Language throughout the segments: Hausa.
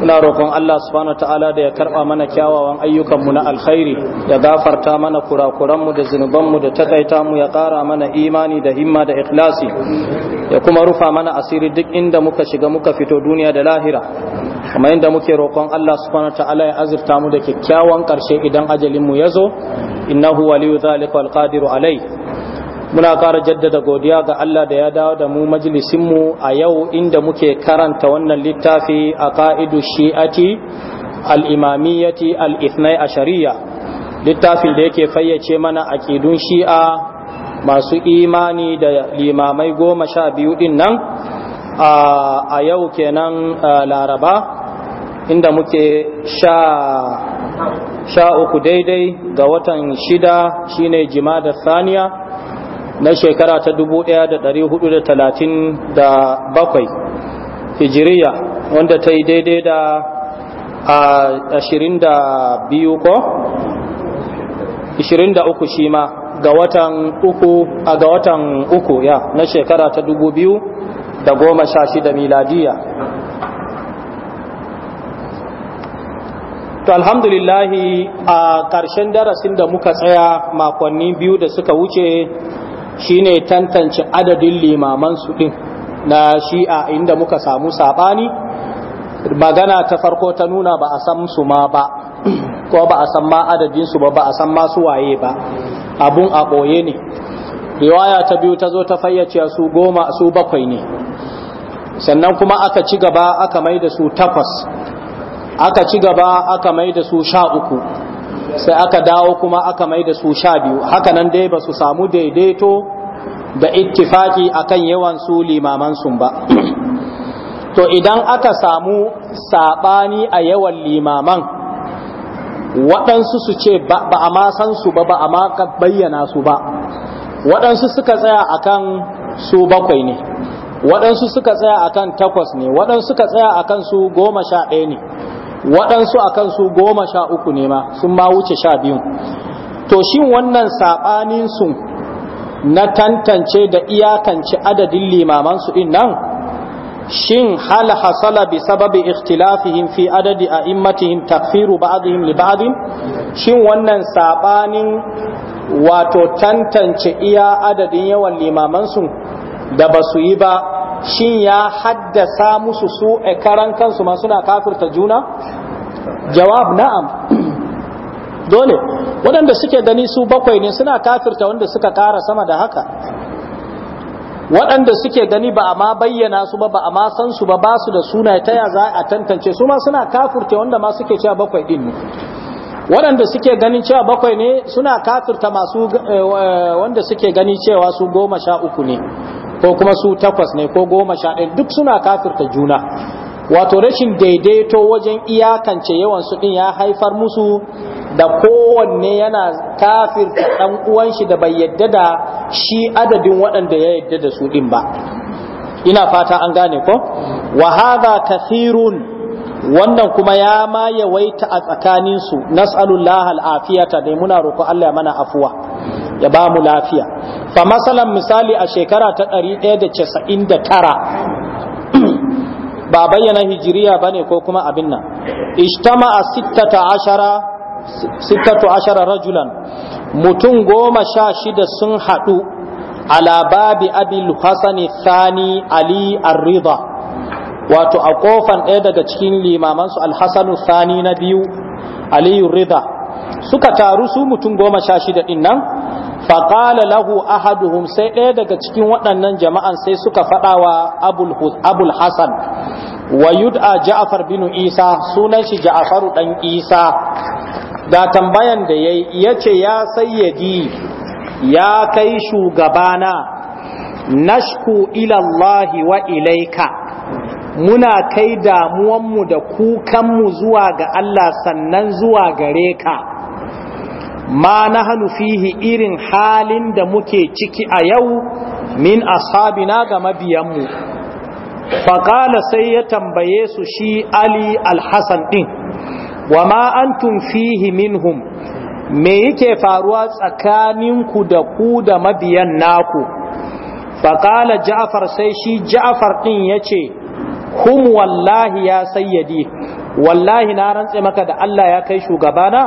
muna roƙon Allah subhanahu ta'ala da ya karɓa mana kyawawan ayyukanmu na alkhairi ya gafarta mana kurakuranmu da zunubanmu da takaita mu ya ƙara mana imani da himma da ikhlasi ya kuma rufa mana asiri duk inda muka shiga muka fito duniya da lahira kamar inda muke roƙon Allah subhanahu ta'ala ya azurta mu da kyakkyawan ƙarshe idan ajalin mu ya zo innahu waliyu zalika alqadiru alai muna ƙara jaddada godiya ga Allah da ya dawo da mu majalisinmu a yau inda muke karanta wannan littafi a ƙa'idu shi'ati al'imamiyyati al'ithnai a shari'a littafin da yake fayyace mana aƙidun shi'a masu imani da limamai goma sha biyu ɗin nan a yau kenan laraba inda muke sha uku daidai ga watan shida shine jima da saniya na shekara ta 1437 hijiriya wanda ta yi daidai da 22 ko 23 shi ma ga watan uku a ga watan uku ya na shekara ta 2016 miladiya to alhamdulillahi a ƙarshen darasin da muka tsaya makonni biyu da suka wuce shine tantance adadin limaman su ɗin na shi'a inda muka samu sabani magana ta farko ta nuna ba a san su ma ba ko ba a san ma adadin ba ba a san ma su waye ba abun a boye ne riwaya ta biyu ta zo ta fayyace su goma su bakwai ne sannan kuma aka ci gaba aka mai da su takwas aka ci gaba aka mai da su sha uku sai aka dawo kuma aka mai da su sha biyu hakanan dai ba su samu daidaito da ittifaki akan yawan su limaman sun ba to idan aka samu sabani a yawan limaman waɗansu su ce ba a ma san su ba ba a ma bayyana su ba waɗansu suka tsaya akan su bakwai ne waɗansu suka tsaya akan takwas ne waɗansu suka tsaya akan su goma sha ɗaya ne waɗansu a kansu goma sha uku ne ma sun ma wuce sha biyu to shin wannan saɓaninsu na tantance da iyakance adadin limamansu ɗin nan shin hal hasala bi sababi ikhtilafihim fi adadi immatihim takfiru ba'dihim li ba'din shin wannan saɓanin wato tantance iya adadin yawan limamansu da basu yi ba shin ya haddasa musu su a eh, karan kansu ma suna kafirta juna jawab na'am dole waɗanda suke gani su bakwai ne suna kafirta wanda suka kara sama da haka waɗanda suke gani ba a ma bayyana su ba ba a ma san ba ba su da suna ta taya za a tantance su ma suna kafirta wanda ma suke cewa bakwai ɗin ne waɗanda suke ganin cewa bakwai ne suna kafirta masu eh, wanda suke gani cewa su goma sha uku ne ko kuma su takwas ne ko goma sha ɗaya duk suna kafirta juna wato rashin daidaito wajen iyakance yawan su ɗin ya haifar musu da kowanne yana kafirta ɗan uwan shi da bai yadda da shi adadin waɗanda ya yadda da su ɗin ba ina fata an gane ko wa hadha kathirun wannan kuma ya ma yawaita a tsakaninsu nas'alullah al'afiyata dai muna roƙo Allah ya mana afuwa ya ba mu lafiya fa masalan misali a shekara ta 199 ba bayyana hijiriya bane ko kuma abin nan a 16 Ashara rajulan mutum goma sha shida sun haɗu ala babi Sani hasani thani ali ar wato a kofan ɗaya daga cikin limamansu alhassanu sani na biyu aliyu rida suka taru su mutum goma sha shida ɗin nan faƙala lahu ahaduhum sai ɗaya daga cikin waɗannan jama'an sai suka faɗa wa abul hassan wa yud'a ja'far binu isa sunan shi ja'afaru ɗan isa ga tambayan da ya ce ya sayyadi ya kai shugabana nashku ilallahi wa ilaika muna kai damuwanmu da kukanmu zuwa ga Allah sannan zuwa gare ka ma na fihi irin halin da muke ciki a yau min ashabina ga mabiyanmu faƙala sai ya tambaye su shi ali alhassan ɗin wa ma antum fihi minhum me yake faruwa tsakaninku da ku da mabiyan naku faƙala ja'afar sai shi ja'afar ɗin ya ce hum wallahi ya sayyadi wallahi na rantse maka da Allah ya kai shugabana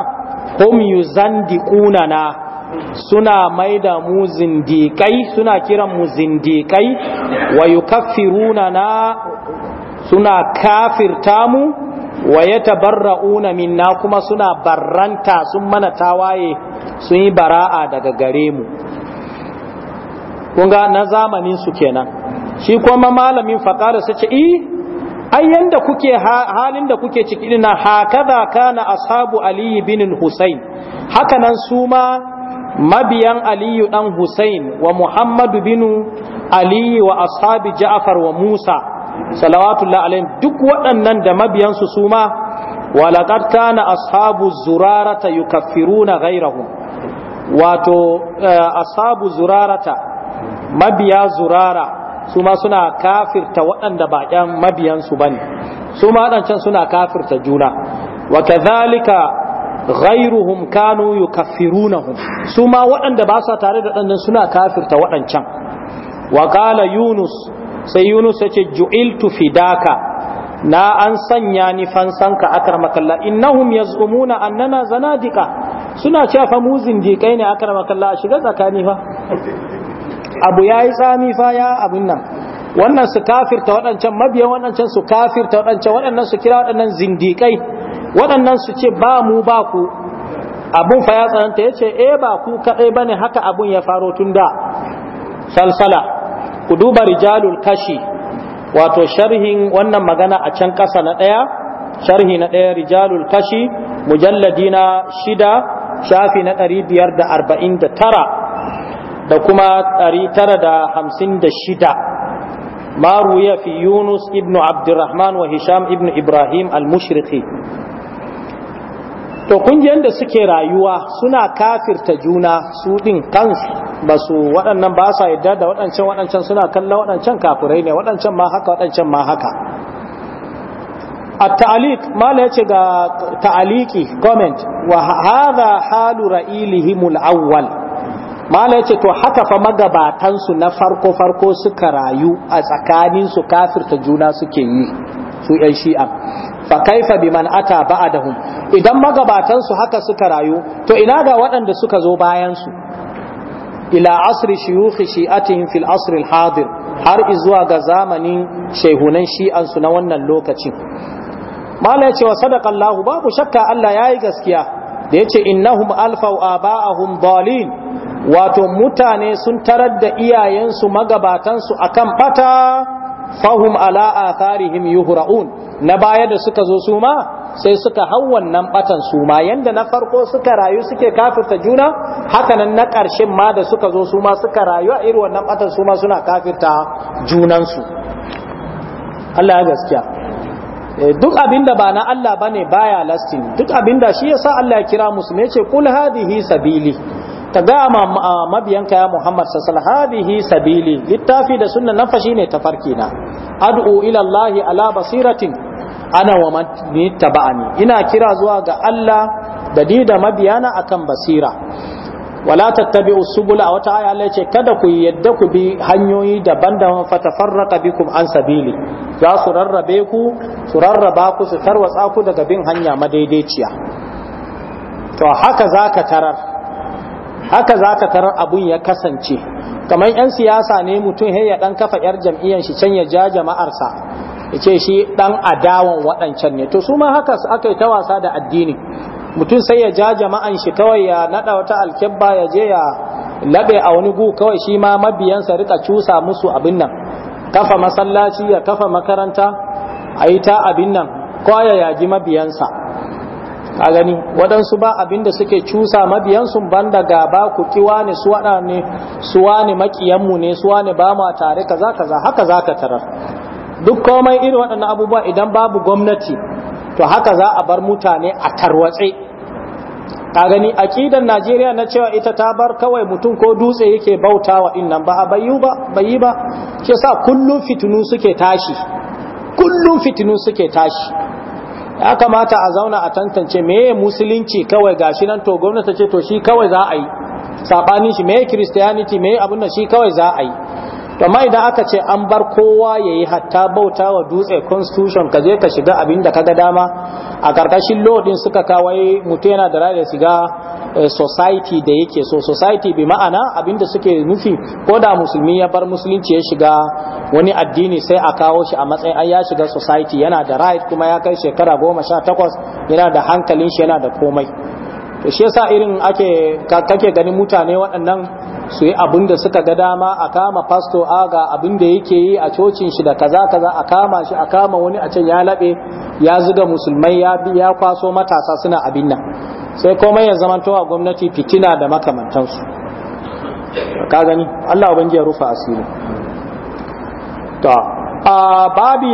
hum yuzandiquna na suna maida mu zindiƙai suna kiran mu zindiƙai wa yukaffiruna na suna kafirta mu wa yatabarra'una minna kuma suna barranta sun mana tawaye sun yi bara'a daga gare mu kun na zamanin su kenan shi kuma malamin faqara sace eh ai yanda kuke halin da kuke ciki din hakaza kana ashabu ali bin husain haka nan su ma mabiyan aliyu dan husain wa muhammadu bin ali wa ashabi ja'far wa musa salawatullahi alaihim duk waɗannan da mabiyansu su ma na kana ashabu zurarata yukaffiruna ghairahum wato eh, ashabu zurarata mabiya zurara su ma suna kafirta waɗanda ba ƴan mabiyansu bane su ma waɗancan suna kafirta juna wa kadhalika ghairuhum kanu yukaffirunahum su ma waɗanda ba sa tare da ɗannan suna kafirta waɗancan wa qala yunus sai yunus ya ce ju'iltu fidaka na an sanya ni fansanka akramakallah innahum yaz'umuna annana zanadika suna cewa fa mu zindikai ne akramakallah a shiga tsakani fa abu ya yi tsami faya abin nan wannan su kafirta waɗancan mabiyan waɗancan su kafirta waɗancan waɗannan su kira waɗannan zindiƙai waɗannan su ce ba mu ba ku abun fa ya tsananta ya ce e ba ku kaɗai ba ne haka abun ya faro tun da salsala ku duba rijalul kashi wato sharhin wannan magana a can ƙasa na ɗaya sharhi na ɗaya rijalul kashi mujalladi na shida shafi na ɗari biyar da arba'in da tara da kuma 956 ما روي في يونس ابن عبد الرحمن وهشام Ibrahim Al المشرقي to kungiyan da suke rayuwa suna kafirta juna su din kansu ba su waɗannan ba sa yadda da waɗancan waɗancan suna kallon waɗancan kafirai ne waɗancan ma haka waɗancan ma haka a ta'aliq mala yace ga ta'aliki comment wa hadha halu ra'ilihimul mala ya ce to haka fa magabatansu na farko-farko suka rayu a tsakaninsu kafirta juna suke yi su ‘yan shi'a fa kaifa bi man ata ba'adahum idan magabatansu haka suka rayu to ina ga waɗanda suka zo bayan su? ila asri shiyuhi shi'atihim fil asri hadir har izuwa ga zamanin shehunan shi'ansu na wannan lokacin mala ya ce wa sadakallahu babu shakka Allah ya yi gaskiya da yace ce innahum alfau aba'ahum dalin wato mutane sun tarar da iyayensu magabatansu akan bata fahim ala atharihim yuhura'un na baya da suka zo su sai suka hau wannan batan su ma yanda na farko suka rayu suke kafirta juna Hakanan na ƙarshen ma da suka zo su suka rayu a iri wannan batan su suna kafirta junansu Allah ya gaskiya eh, duk abinda ba na Allah bane baya lastin duk abinda shi yasa Allah ya kira ne ce kul hadihi sabili ka ga mabiyanka ya Muhammad sallallahu alaihi sabili littafi da sunna nan fa shine tafarki na ad'u ila Allah ala basiratin ana wa man tabani ina kira zuwa ga Allah da dida da mabiyana akan basira wala tattabi'u subula a wata aya ce kada ku yadda ku bi hanyoyi daban-daban fatafarraqa bikum an sabili za su rarrabe ku su rarraba ku su tarwatsa ku daga bin hanya madaidaiciya to haka zaka tarar haka za ka tarar abun ya kasance kamar 'yan siyasa ne mutum ya dan kafa 'yar jam'iyyar shi can ya ja jama'arsa ya ce shi dan adawan waɗancan ne to su ma haka aka yi ta wasa da addini mutum sai ya ja jama'an shi kawai ya naɗa wata alkebba ya je ya laɓe a wani gu kawai shi ma mabiyansa rika cusa musu abin nan kafa masallaci ya kafa makaranta a yi ta abin nan ko ya yaji mabiyansa ka gani waɗansu ba abinda suke cusa mabiyansu ban da ba ku kiwa ne su ne suwa ne ne su wane ba mu tare kaza kaza haka za ka tarar duk komai irin waɗannan abubuwa idan babu gwamnati to haka za a bar mutane a tarwatse ka gani aƙidan najeriya na cewa ita ta bar kawai mutum ko dutse yake bautawa innan ba a bayu ba bayi ba shi sa kullum fitinu suke tashi kullum fitinu suke tashi ya kamata a zauna a tantance meye musulunci kawai gashi nan to gwamnati ce to shi kawai za a yi sabanin shi meye christianity me abin shi kawai za a yi amma idan aka ce an bar kowa ya yi hatta bauta wa dutse constitution ka je ka shiga abin da kaga dama a karkashin lodin suka kawai mutum yana da rai da shiga eh, society da yake so society bi ma'ana abin da suke nufi ko da musulmi ya bar musulunci ya shiga wani addini sai a kawo shi a matsayin an ya shiga society yana da right kuma ya kai shekara goma sha takwas yana da hankalin shi yana da komai to shi yasa irin ake kake ganin mutane waɗannan su yi abin da suka ga dama a kama pasto Aga ga abin da yake yi a cocin shi da kaza kaza a kama shi a kama wani a can ya laɓe ya zuga musulmai ya bi ya kwaso matasa suna abin nan sai komai ya zamanta wa gwamnati fitina da makamantansu ka gani Allah ubangiji ya rufa asiri to a babi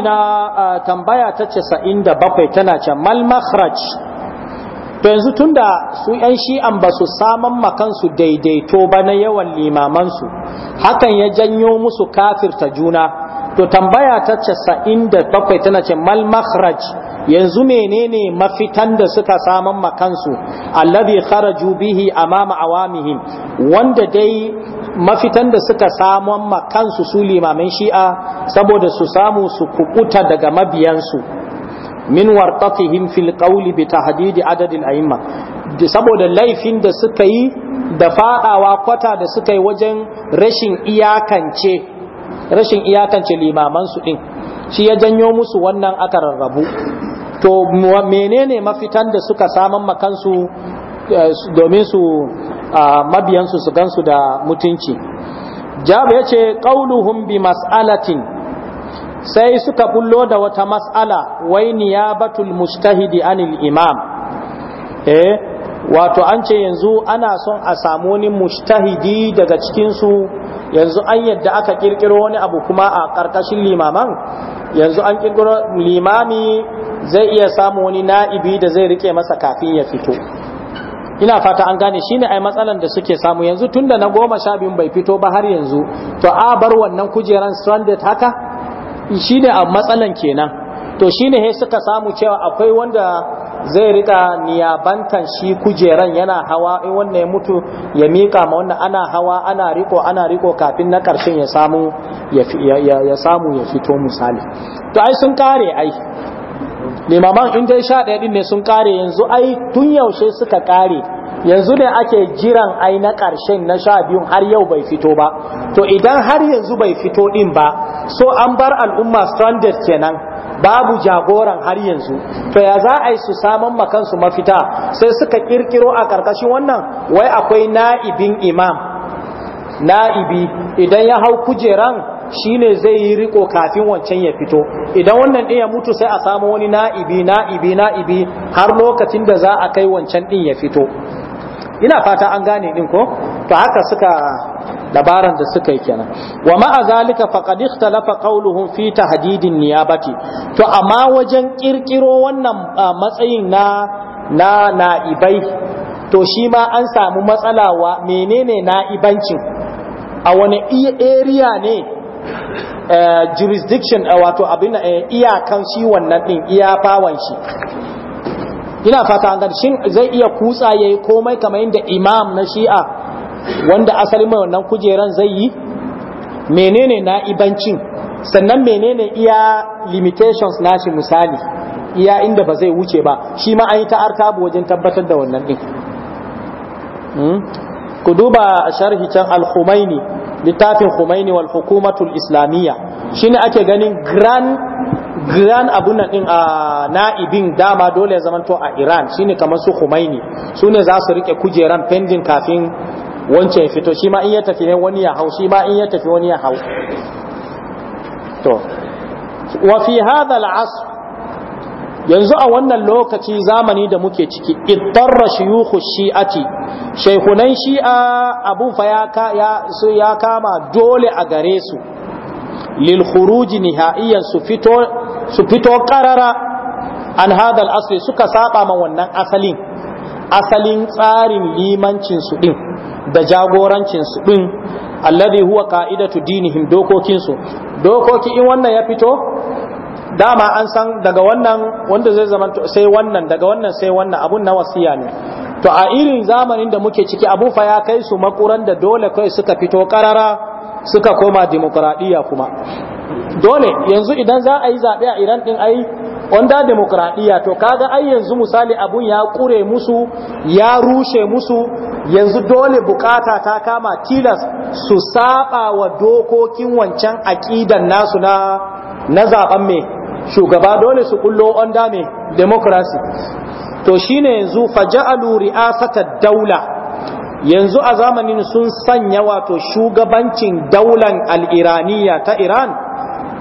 tambaya ta casa'in da bakwai tana ce mal makhraj to yanzu tunda su yan shi'an ba su saman makansu daidaito ba na yawan limamansu hakan ya janyo musu kafirta juna to tambaya ta casa'in da bakwai tana ce mal makhraj yanzu menene mafitan da suka saman makansu allazi kharaju bihi amama awamihim wanda dai mafitan da suka saman makansu su limamin shi'a saboda su samu su kukuta daga mabiyansu min wartatihim fil qawli bi tahdidi adadil a'imma saboda laifin da suka yi da fadawa kwata da suka yi wajen rashin iyakance rashin iyakance limaman su din shi ya janyo musu wannan aka rarrabu to menene mafitan da suka saman makansu eh, domin su ah, mabiyansu su gansu da mutunci jabe yace ce qauluhum bi mas'alatin sai suka bullo da wata mas'ala wai niyabatul mustahidi anil imam eh wato an ce yanzu ana son a samu wani mustahidi daga cikinsu yanzu an yadda aka kirkiro wani abu kuma a ƙarƙashin limaman yanzu an kirkiro limami zai iya samu wani na'ibi da zai rike masa kafin ya fito ina fata an gane shi ne ai matsalan da suke samu yanzu tunda na goma sha biyun bai fito ba har yanzu to a bar wannan kujeran stranded haka shi ne a matsalan kenan to shine ne suka samu cewa akwai wanda zai rika niyabantan shi kujeran yana hawa in wannan ya mutu ya mika ma wannan ana hawa ana riko ana riko kafin na karshen ya samu ya samu ya fito misali to ai sun kare ai limaman in dai sha ɗaya ɗin ne sun kare yanzu ai tun yaushe suka kare yanzu ne ake jiran ai na ƙarshen na sha biyun har yau bai fito ba to idan har yanzu bai fito din ba so an bar al'umma stranded kenan babu jagoran har yanzu to ya za a yi su saman makansu mafita sai suka kirkiro a ƙarƙashin wannan wai akwai na'ibin imam na'ibi idan ya hau kujeran shine zai yi riko kafin wancan ya fito idan wannan din ya mutu sai a samu wani na'ibi na'ibi na'ibi har lokacin da za a kai wancan din ya fito ina fata an gane din ko to haka suka dabaran da suka yi kenan wa ma azalika faqad ikhtalafa qawluhum fi tahdidin niyabati to amma wajen kirkiro wannan matsayin na na na'ibai to shi ma an samu matsala wa menene na'ibancin a wani area ne eh, jurisdiction eh, wato abin eh, iyakan shi wannan din iya bawan shi ina fata an shin zai iya kutsa yayi komai kamar yadda imam na shi'a wanda asalin mai wannan kujeran zai yi menene ibancin sannan menene iya limitations shi misali iya inda ba zai wuce ba shi ma an yi ta artabu wajen tabbatar da wannan din hmm? ku duba sharhi can al-Khumaini littafin humaini wal hukumatul islamiyya shine ake ganin grand gran abunan din a na'ibin dama dole ya zamanto a Iran shine kamar su Khomeini su ne za su rike kujeran pending kafin wancan ya fito shi ma in ya tafi ne wani ya hau shi ma in ya tafi wani ya hau to wa fi hadha al'asr yanzu a wannan lokaci zamani da muke ciki iddarra shuyukhu shi'ati shaykhunan shi'a abun fa ya ya kama dole a gare su lil khuruj nihaiyan su fito su fito karara an hadal asli suka saba ma wannan asalin asalin tsarin limancin su din da jagorancin su din alladhi huwa qa'idatu dinihim dokokin su dokoki in wannan ya fito dama an san daga wannan wanda zai zama sai wannan daga wannan sai wannan abun na wasiya ne to a irin zamanin da muke ciki abun fa ya kai su makuran da dole kai suka fito karara suka koma demokradiyya kuma dole yanzu idan za a yi zaɓe a iran ɗin ai wanda demokradiyya to kaga ai yanzu misali abun ya ƙure musu ya rushe musu yanzu dole bukata ta kama tilas su saba wa dokokin wancan aƙidan nasu na na zaɓen mai shugaba dole su kullo onda mai democracy to shine yanzu faja'alu ri'asata daula yanzu a zamanin sun sanya wato shugabancin daular al'iraniya ta iran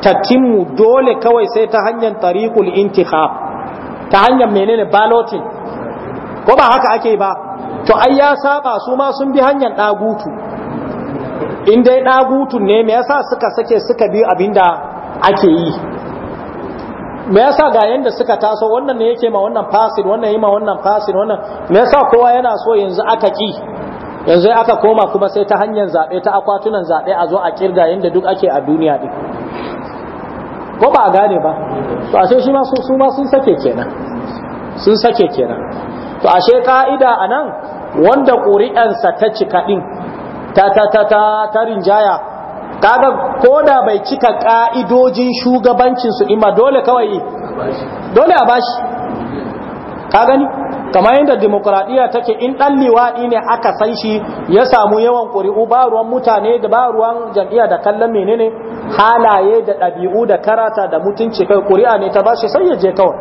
ta timu dole kawai sai ta hanyar tariqul intihab ta hanyar menene balotin ko ba haka ake ba to ai ya saba su ma sun bi hanyar ɗagutu in dai ɗagutun ne me yasa suka sake suka bi abinda ake yi me yasa ga yanda suka taso wannan ne yake ma wannan fasin wannan yi ma wannan fasin wannan me yasa kowa yana so yanzu aka ki yanzu aka koma kuma sai ta hanyar zaɓe ta akwatunan zaɓe a zo a ƙirga yadda duk ake a duniya ɗin ko ba a gane ba to ashe shi ma su ma sun sake kenan sun sake kenan to ashe ka'ida a nan wanda ƙuri'ansa ta cika ɗin ta ta ta ta ta rinjaya kaga ko da bai cika ka'idojin shugabancinsu in ima dole kawai dole a bashi ka gani kamar yadda demokradiyya take in ɗan liwaɗi ne aka san shi ya samu yawan ƙuri'u ba ruwan mutane da ba ruwan jam'iyya da kallon menene halaye da ɗabi'u da karata da mutunci kai ƙuri'a ne ta bashi sai ya je kawai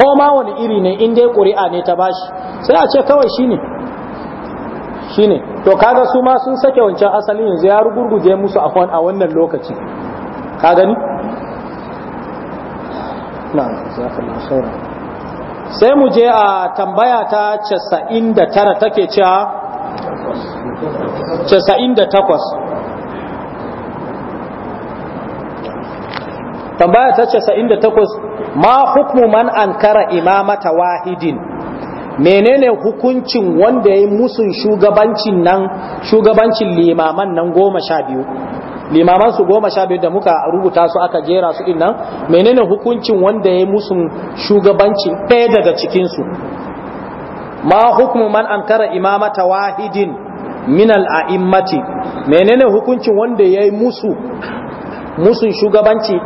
ko ma wani iri ne in dai ƙuri'a ne ta bashi sai a ce kawai shine shine to kaga su ma sun sake wancan asalin yanzu ya rugurguje musu a wannan lokaci ka gani na'am jazakallahu khairan sai mu je a tambaya ta 99 take cewa 98 tambaya ta 98 ma hukmu man ankara imamata wahidin menene hukuncin wanda ya yi musun shugabancin nan shugabancin limaman nan goma sha biyu limaman su goma sha biyu da muka rubuta su aka jera su din nan menene hukuncin wanda ya musu shugabancin ɗaya daga cikin su ma hukumu man ankara imamata wahidin min a'immati menene hukuncin wanda ya yi musu shugabanci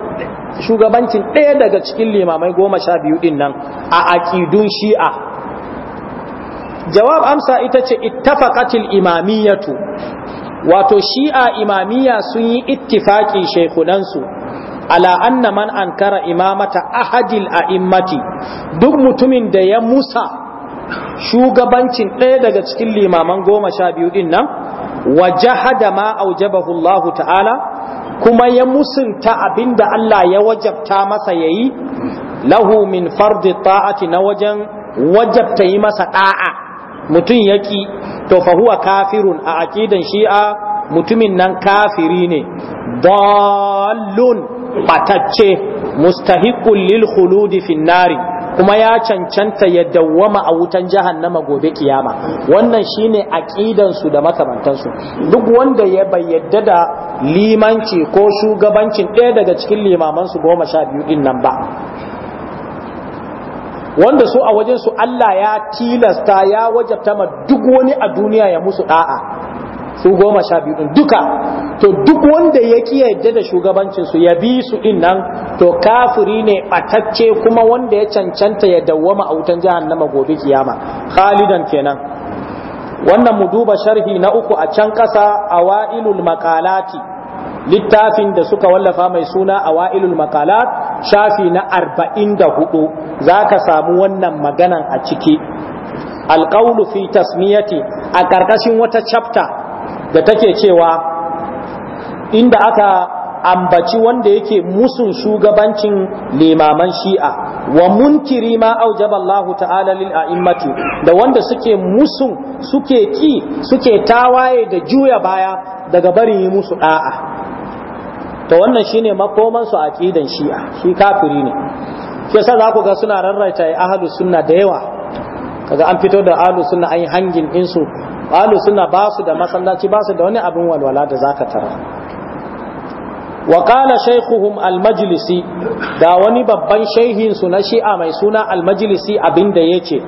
shugabancin ɗaya daga cikin limamai goma sha biyu din nan a aƙidun shi'a jawab amsa ita ce ittafaqatil imamiyatu wato shi'a imamiyya sun yi ittifaki shaikunansu ala anna man ankara imamata ahadil immati duk mutumin da ya musa shugabancin ɗaya daga cikin limaman goma sha biyu ɗin nan wa jahada ma aujabahu Allahu ta'ala kuma ya musunta abinda Allah ya wajabta masa yayi lahu min fardi ta'ati na wajen wajabta yi masa ɗa'a mutum ya ki to fa huwa kafirun a aqidan shi'a mutumin nan kafiri ne dallun batacce mustahiqul lil khuludi finnari nari kuma ya cancanta ya dawwama a wutan jahannama gobe kiyama wannan shine aqidan su da makamantan su duk wanda ya bayyada da limanci ko shugabancin ɗaya daga cikin limaman su goma sha biyu din nan ba wanda su a wajen su Allah ya tilasta ya wajabta ma duk wani a duniya ya musu da'a su goma sha biyu duka to duk wanda ya yarda da shugabancin su ya bi su din nan to kafiri ne batacce kuma wanda ya cancanta ya dawwama a wutan jahannama gobe kiyama khalidan kenan wannan mu duba sharhi na uku a can kasa awailul maqalati littafin da suka wallafa mai suna awailul makalat shafi na arba'in da hudu za ka samu wannan maganan a ciki alqawlu fi tasmiyati a ƙarƙashin wata chapter da take cewa inda aka ambaci wanda yake musun shugabancin limaman shi'a wa munkiri ma aujaba Allah ta'ala lil da wanda suke musun suke ki suke tawaye da juya baya daga bari musu ɗa'a. to wannan shine makoman su aqidan shi'a shi kafiri ne shi yasa za ku ga suna rarraita ahlus sunna da yawa kaga an fito da ahlus sunna an hangin din su ahlus sunna ba su da masallaci ba su da wani abin walwala da zaka tara wa qala shaykhuhum al-majlisi da wani babban shehin su na shi'a mai suna al-majlisi abinda yace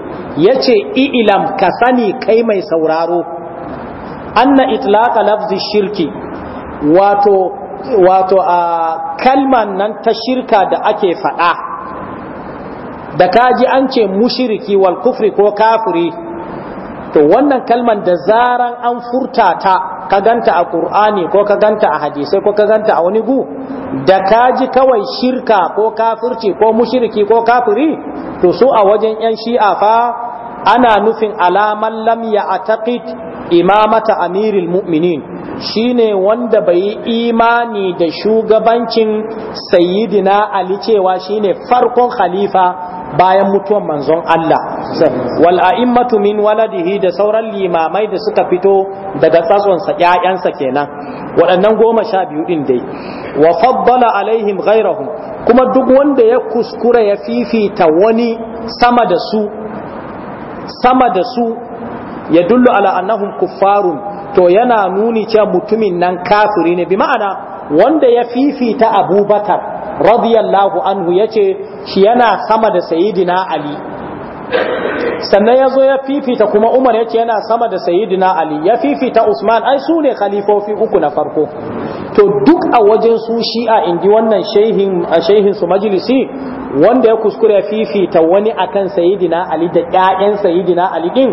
yace ilam kasani kai mai sauraro anna itlaqa lafzi shirki wato wato a kalman nan ta shirka da ake faɗa da kaji an ce mushiriki wal kufri ko kafiri to wannan kalman da zaran an furta ta ka ganta a ƙur'ani ko ka ganta a hadisai ko ka ganta a wani gu da kaji kawai shirka ko kafirci ko mushiriki ko kafiri to su a wajen 'yan shi'a fa ana nufin alaman lam ya a imamata amiril mu'minin shine wanda bai yi imani da shugabancin sayyidina ali cewa shine farkon khalifa bayan mutuwan manzon Allah wal a'immatu min waladihi da sauran limamai da suka fito daga tsatsonsa ƴaƴansa kenan waɗannan goma sha biyu ɗin dai wa faddala alaihim ghairahum kuma duk wanda ya kuskura ya fifita wani sama da su sama da su ya dullu ala annahum kuffarun to yana nuni cewa mutumin nan kafiri ne bi ma'ana wanda ya fifita abubakar radiyallahu anhu yace shi yana sama da sayyidina ali sannan ya zo ya fifita kuma umar ya ce yana sama da sayidina ali ya fifita usman ai su ne khalifofi uku na farko to duk a wajen su shi'a inji wannan shehin shehin su majalisi wanda ya kuskure ya fifita wani akan sayidina ali da ƴaƴan sayidina ali din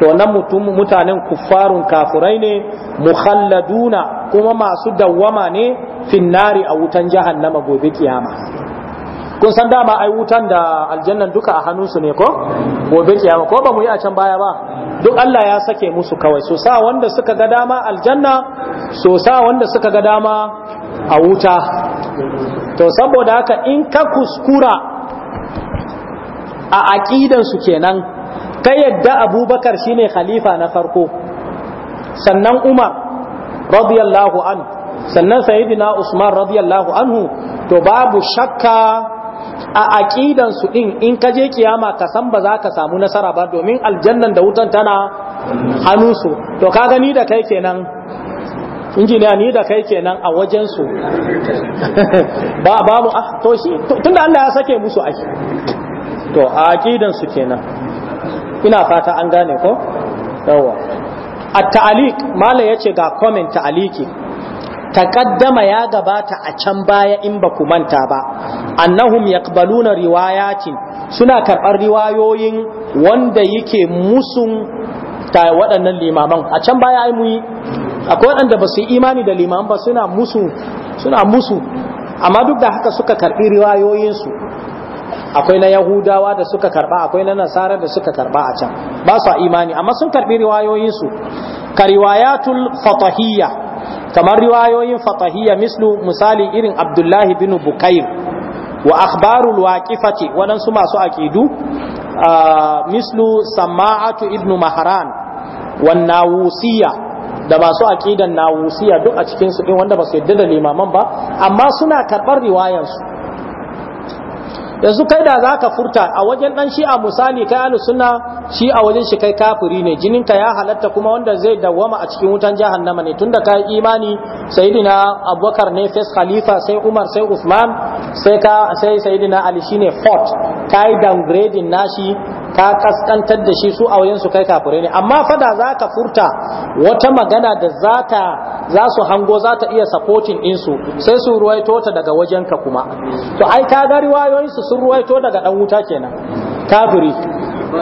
to nan mutum mutanen kuffarun kafurai ne mukhalladuna kuma masu dawwama ne finnari a wutan jahannama gobe kiyama kun san dama ai wutan da aljannan duka a hannunsu ne ko gobe kiyama ko ba mu yi a can baya ba duk Allah ya sake musu kawai so sa wanda suka ga dama aljanna so sa wanda suka ga dama a wuta to saboda haka in ka kuskura a aqidan su kenan ta yadda Abubakar shine khalifa na farko sannan Umar radiyallahu an sannan sayyidina Usman radiyallahu anhu to babu shakka a aqidan su din in ka je kiyama ka san ba za ka samu nasara ba domin aljannan da wutan tana hannun su to ka gani da kai kenan injiniya ni da kai kenan a wajen su ba mu ah to shi tunda Allah ya sake musu ai to a aqidan su kenan ina fata an gane ko yawa at-ta'aliq mala yace ga comment ta'aliki taqaddama ya gabata a can baya in ba ku manta ba annahum yaqbaluna riwayatin suna karɓar riwayoyin wanda yake musun ta waɗannan limaman a can baya ai muyi akwai waɗanda ba su yi imani da limaman ba suna musu suna musu amma duk da haka suka karɓi riwayoyinsu akwai na yahudawa da suka karba akwai na nasara da suka karba a can ba su imani amma sun karbi riwayoyinsu ka riwayatul fatahiyya kamar riwayoyin fatahiyya mislu misali irin abdullahi bin bukair wa akhbarul waqifati waɗansu masu aqidu mislu sama'atu ibnu mahran wan nawusiya da masu aqidan nawusiya duk a cikin su din wanda ba su yadda da limaman ba amma suna karɓar riwayansu yanzu kai da za ka furta a wajen ɗan shi a misali kai alu suna shi a wajen shi kai kafiri ne jininka ya halatta kuma wanda zai dawwama a cikin wutan jahannama ne tunda ka imani sayidina abubakar ne fes khalifa sai umar sai usman sai ka sai sayidina ali shine fort kai downgrading nashi ka kaskantar da shi su a wajen su kai kafiri ne amma fada za ka furta wata magana da za ta za su hango za ta iya supporting ɗinsu sai su ruwaito ta daga wajenka kuma to ai ka ga riwayoyinsu sun ruwaito daga ɗan wuta kenan kafiri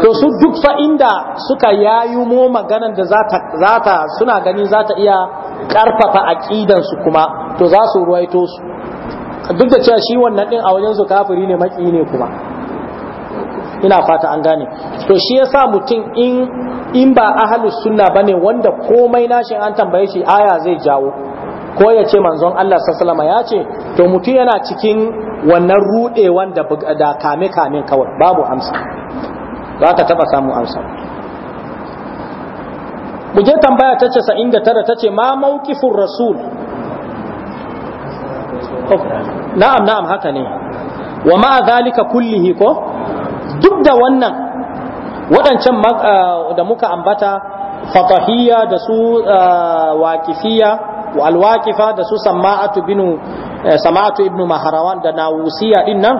to su duk fa inda suka yayu mo maganan da za ta suna gani za ta iya ƙarfafa aƙidansu kuma to za su ruwaito su duk da cewa shi wannan ɗin a wajensu kafiri ne maƙi ne kuma ina fata an gane to shi yasa mutum in in ba ahalus sunna bane wanda komai nashin an tambaye shi aya zai jawo ko ya ce manzon Allah sallama ya ce to mutum yana cikin wannan rude wanda da kame kame kawai babu amsa za ka taba samu amsa je tambaya tace 99 ta ce ma mawqifur rasul oh, na'am na'am haka ne wa ma zalika kullihi ko duk da wannan waɗancan da muka ambata fatahiyya da su waƙifiyya alwaƙifa da su sama'atu eh, ibnu maharawan da wusiya ɗin nan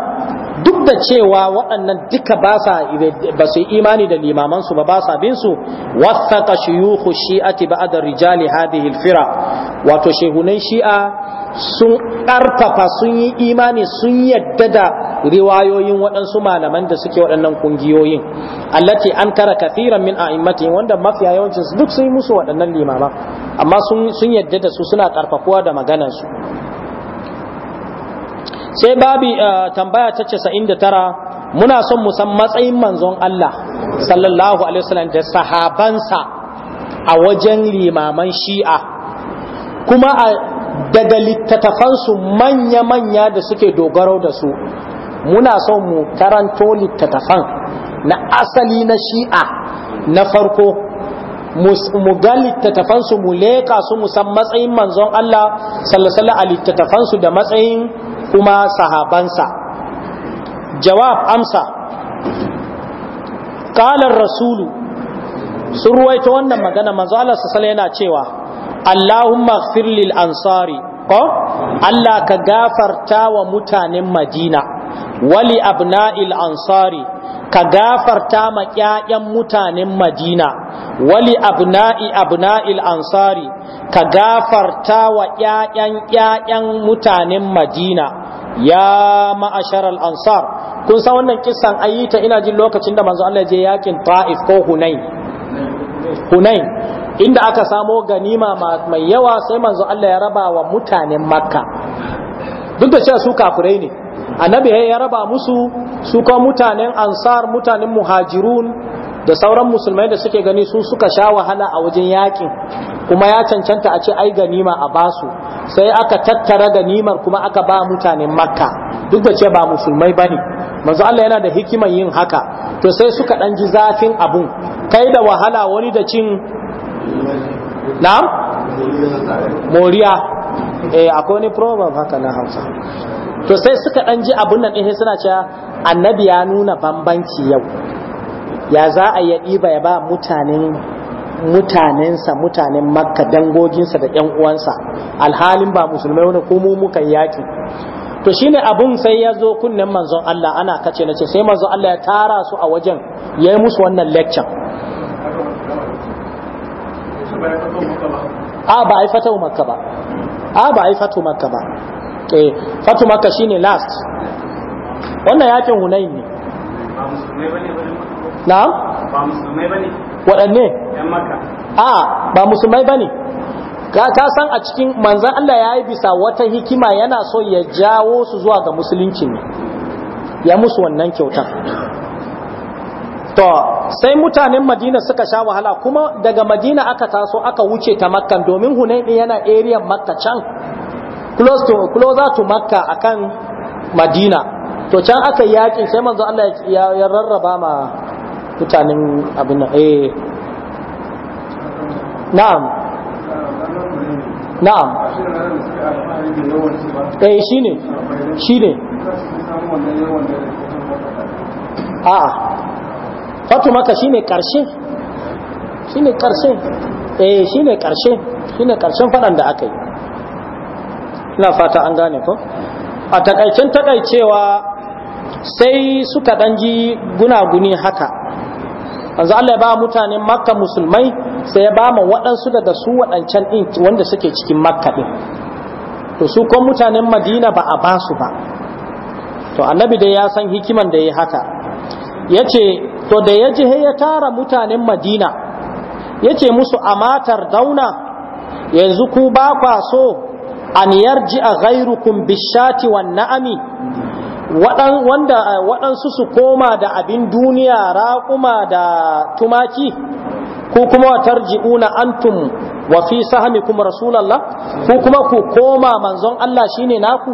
duk da cewa waɗannan duka ba su imani da limamansu ba ba sa bin su wasaka shuyukhu shi'ati da rijali hadhihi alfira wato shehunan shi'a sun ƙarfafa sun yi imani sun yadda da riwayoyin waɗansu malaman da suke waɗannan kungiyoyin allati an kara kathiran min a'immatihim wanda mafiya yawancin duk sun yi musu waɗannan limaman amma sun yadda da su suna ƙarfafuwa da maganansu sai babi eh, tambaya ta da tara, muna son musan matsayin manzon Allah sallallahu alaihi wasallam da sahabansa a wajen limaman shi'a kuma a daga littattafansu manya-manya da suke dogaro da su muna son mu karanto littattafan na asali na shi'a na farko mu ga littattafansu mu leƙa su mu matsayin manzon Allah sallallahu alaihi wasallam a littattafansu da matsayin kuma sahabansa jawab amsa kalar rasulu sun ta wannan magana manzo Allah sallallahu yana cewa Allahumma ighfir lil ansari ko Allah ka gafarta wa mutanen Madina wali abna'il ansari ka gafarta ma ƴaƴan mutanen Madina wali abna'i abna'il ansari ka gafarta wa ƴaƴan ƴaƴan mutanen Madina ya ma'ashar al-ansar kun san wannan kissan ta ina jin lokacin da manzo Allah je yakin Ta'if ko Hunain Hunain inda aka samo ganima mai yawa sai manzo Allah ya raba wa mutanen Makka duk da cewa su kafirai ne annabi ya raba musu su ko mutanen ansar mutanen muhajirun da sauran musulmai da suke gani su suka sha wahala a wajen yakin kuma ya cancanta a ce ai ganima a basu sai aka tattara ganimar kuma aka ba mutanen makka duk da ce ba musulmai ba ne. manzo Allah yana da hikimar yin haka to sai suka dan ji zafin abun kai da wahala wani da cin na'am moriya eh akwai wani proverb haka na Hausa to sai suka dan ji abun nan din suna cewa annabi ya nuna bambanci yau ya za a yaɗi ɗiba ya ba mutanen mutanensa mutanen makka dangoginsa da ƴan uwansa alhalin ba musulmai wani kuma muka yaki to shine abun sai ya zo kunnen manzon Allah ana kace na ce sai manzon Allah ya tara su a wajen ya yi musu wannan lecture a ba a yi makka ba a ba a yi makka ba eh fatahu makka shine last wannan yaƙin hunain ne na'am ba musulmai bane waɗanne yan maka a ba musulmai bane ka san a cikin manzan Allah ya yi bisa wata hikima yana so ya jawo su zuwa ga musulunci ne ya musu wannan kyautar to sai mutanen madina suka sha wahala kuma daga madina aka taso aka wuce ta Makka domin hunaini yana area makka can close to closer to makka akan madina to can aka yi yakin sai manzo Allah ya rarraba ma mutanen abin nan eh na'am na'am eh shine shine a'a fatu maka shine karshe shine karshe eh shine karshe shine karshen fadan da aka yi ina fata an gane ko a takaicin takaicewa sai suka danji gunaguni haka manzo Allah ya ba mutanen makka musulmai sai ya ba ma waɗansu daga su waɗancan ɗin wanda suke cikin makka ɗin to su ko mutanen madina ba a basu ba to annabi dai ya san hikiman da ya haka ya ce to da ya ji ya tara mutanen madina ya ce musu matar dauna yanzu ku ba kwa so an yarji a ghairukum bishati wan na'ami Eh, waɗansu su koma da abin duniya raƙuma da tumaki ko kuma tarji'una antum wa fi kuma rasulallah ko kuma ku koma manzon Allah shine naku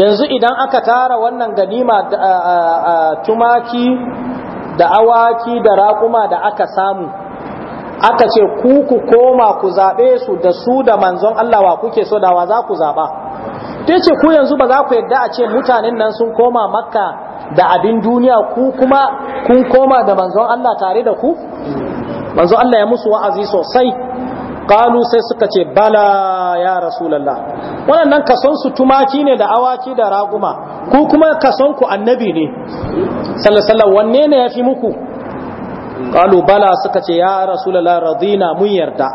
yanzu idan aka tara wannan ganima eh, eh, tumaki da awaki da raƙuma da aka samu aka ce ku ku koma ku zaɓe su da su da manzon Allah wa kuke so da wa za ku zaɓa ta ce ku yanzu ba za ku yadda a ce mutanen nan sun koma makka da abin duniya ku kuma kun koma da manzon Allah tare da ku manzon Allah ya musu wa'azi sosai kalu sai suka ce bala ya rasulallah Wannan kason su tumaki ne da awaki da raguma ku kuma kason ku annabi ne sallallahu wanne ne ya fi muku kalu bala suka ce ya rasulallah radina mun yarda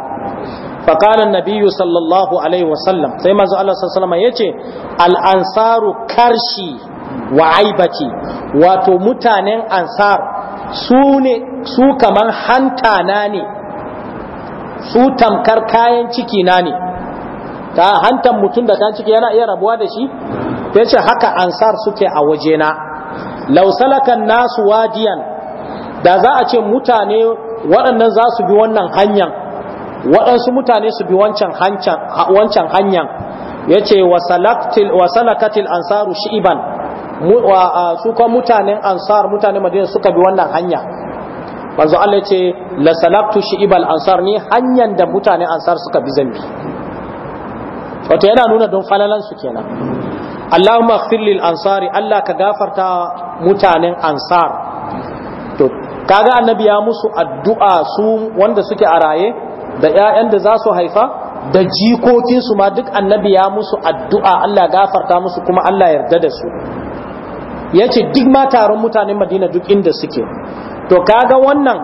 faƙanan Nabiyyu sallallahu alaihi wasallam sai manzo Allah sallallahu ya ce al'ansaru karshi wa aibati wato mutanen ansar su ne su kaman hanta na ne su tamkar kayan ciki na ne ta hantar mutum da kayan ciki yana iya rabuwa da shi ya ce haka ansar suke a wajena lausalakan nasu wadiyan da za a ce mutane waɗannan za su bi wannan hanyar waɗansu mutane su bi wancan hanyan ya ce wa salakatil ansaru shi'iban su kan mutanen ansar mutanen madina suka bi wannan hanya Banzu Allah ce la salaktu shi'ibal ansar ni hanyar da mutanen ansar suka bi zambi wato yana nuna don falalan su kenan Allahumma ighfir ansari Allah ka gafarta mutanen ansar to kaga annabi ya musu addu'a su wanda suke a raye da 'ya'yan da za su haifa da jikokinsu ma duk annabi ya musu addu'a Allah gafarta musu kuma Allah yarda da su ya ce duk ma taron mutanen madina duk inda suke to kaga wannan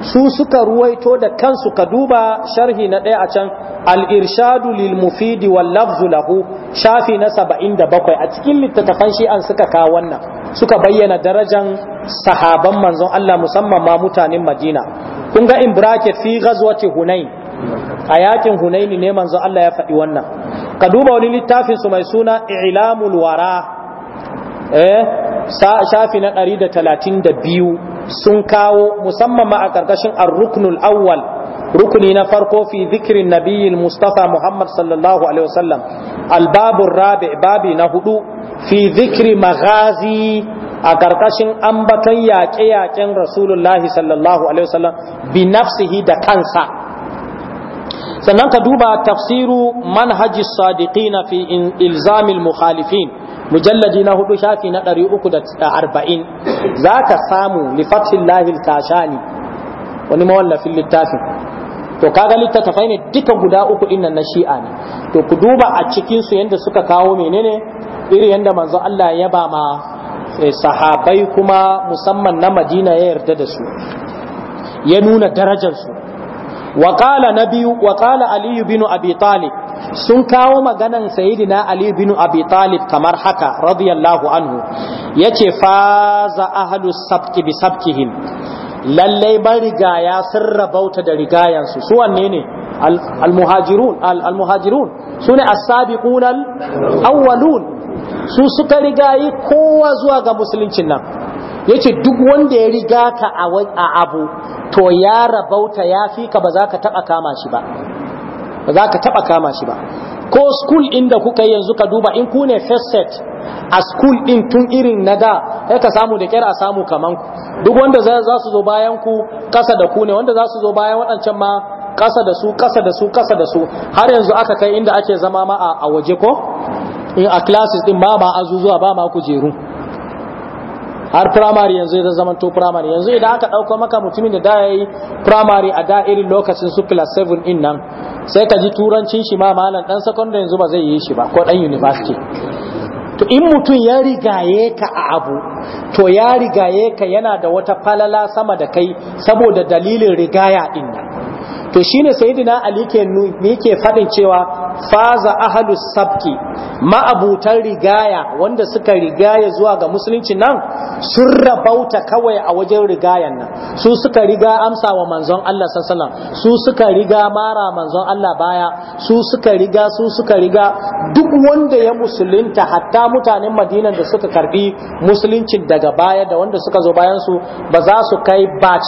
su suka ruwaito da kansu ka duba sharhi na ɗaya a can al-irshadu lil mufidi wal lafzu lahu shafi na 77 a cikin littattafan shi an suka kawo wannan suka bayyana darajan sahaban manzon Allah musamman ma mutanen madina kun ga in bracket fi ghazwati hunain a yakin hunaini ne manzo Allah ya faɗi wannan ka duba wani littafin su mai suna ilamul wara eh shafi na 132 sun kawo musamman ma a karkashin ar-ruknul awwal rukuni na farko fi zikirin nabiyyin mustafa muhammad sallallahu alaihi wasallam albabun rabi babi na hudu fi zikiri maghazi a karkashin ambaton yaƙe-yaƙen rasulullahi sallallahu alaihi wasallam bi nafsihi da kansa sannan ka duba tafsiru manhaji sadiqina fi ilzamil mukhalifin mujalladi na hudu shafi na 340 za ka samu lifathillahi al-kashani wani mawallafin littafin to kaga littattafai ne duka guda uku inna na shi'a ne to ku duba a cikin su yanda suka kawo menene iri yanda manzo Allah ya ba ma eh, sahabai kuma musamman na Madina ya yarda da su ya nuna darajar su wa qala nabiyu wa qala ali ibn abi talib sun kawo maganan sayyidina ali ibn abi talib kamar haka radiyallahu anhu yace faza ahlus sabti bi sabtihim lallai marigaya sun rabauta da rigayansu su wanne ne almuhajirun su ne as al-awwalun su suka rigayi kowa zuwa ga musuluncin nan yace duk wanda ya riga ka a abu to ya rabauta ya fika ka ba za ka taba kama shi ba ba za ka taba kama shi ba ko school inda kuka yi yanzu ka duba in ku ne first set a school din tun irin na da sai ka samu da kyar a samu kaman ku duk wanda za su zo bayan ku kasa da ku ne wanda za su zo bayan waɗancan ma kasa da su kasa da su kasa da su har yanzu aka kai inda ake zama ma a waje ko in a classes din ba ba azuzuwa ba ma kujeru har primary yanzu ya zama to primary yanzu idan aka dauko maka mutumin da da yayi primary a da'irin lokacin su class 7 din nan sai ka ji turancin shi ma malam dan secondary yanzu ba zai yi shi ba ko dan university to in mutum ya rigaye ka a abu to ya rigaye ka yana da wata falala sama da kai saboda dalilin rigaya din nan to shine sayyidina ali ke fadin cewa faza ahalus sabki ma'abutan rigaya wanda suka rigaya zuwa ga musulunci nan sun rabauta kawai a wajen rigayan nan su suka riga amsa wa manzon Allah sallallahu alaihi su suka riga mara manzon Allah baya su suka riga su suka riga duk wanda ya musulunta hatta mutanen Madinan da suka karbi musuluncin daga baya da wanda suka zo bayan su ba za su kai batch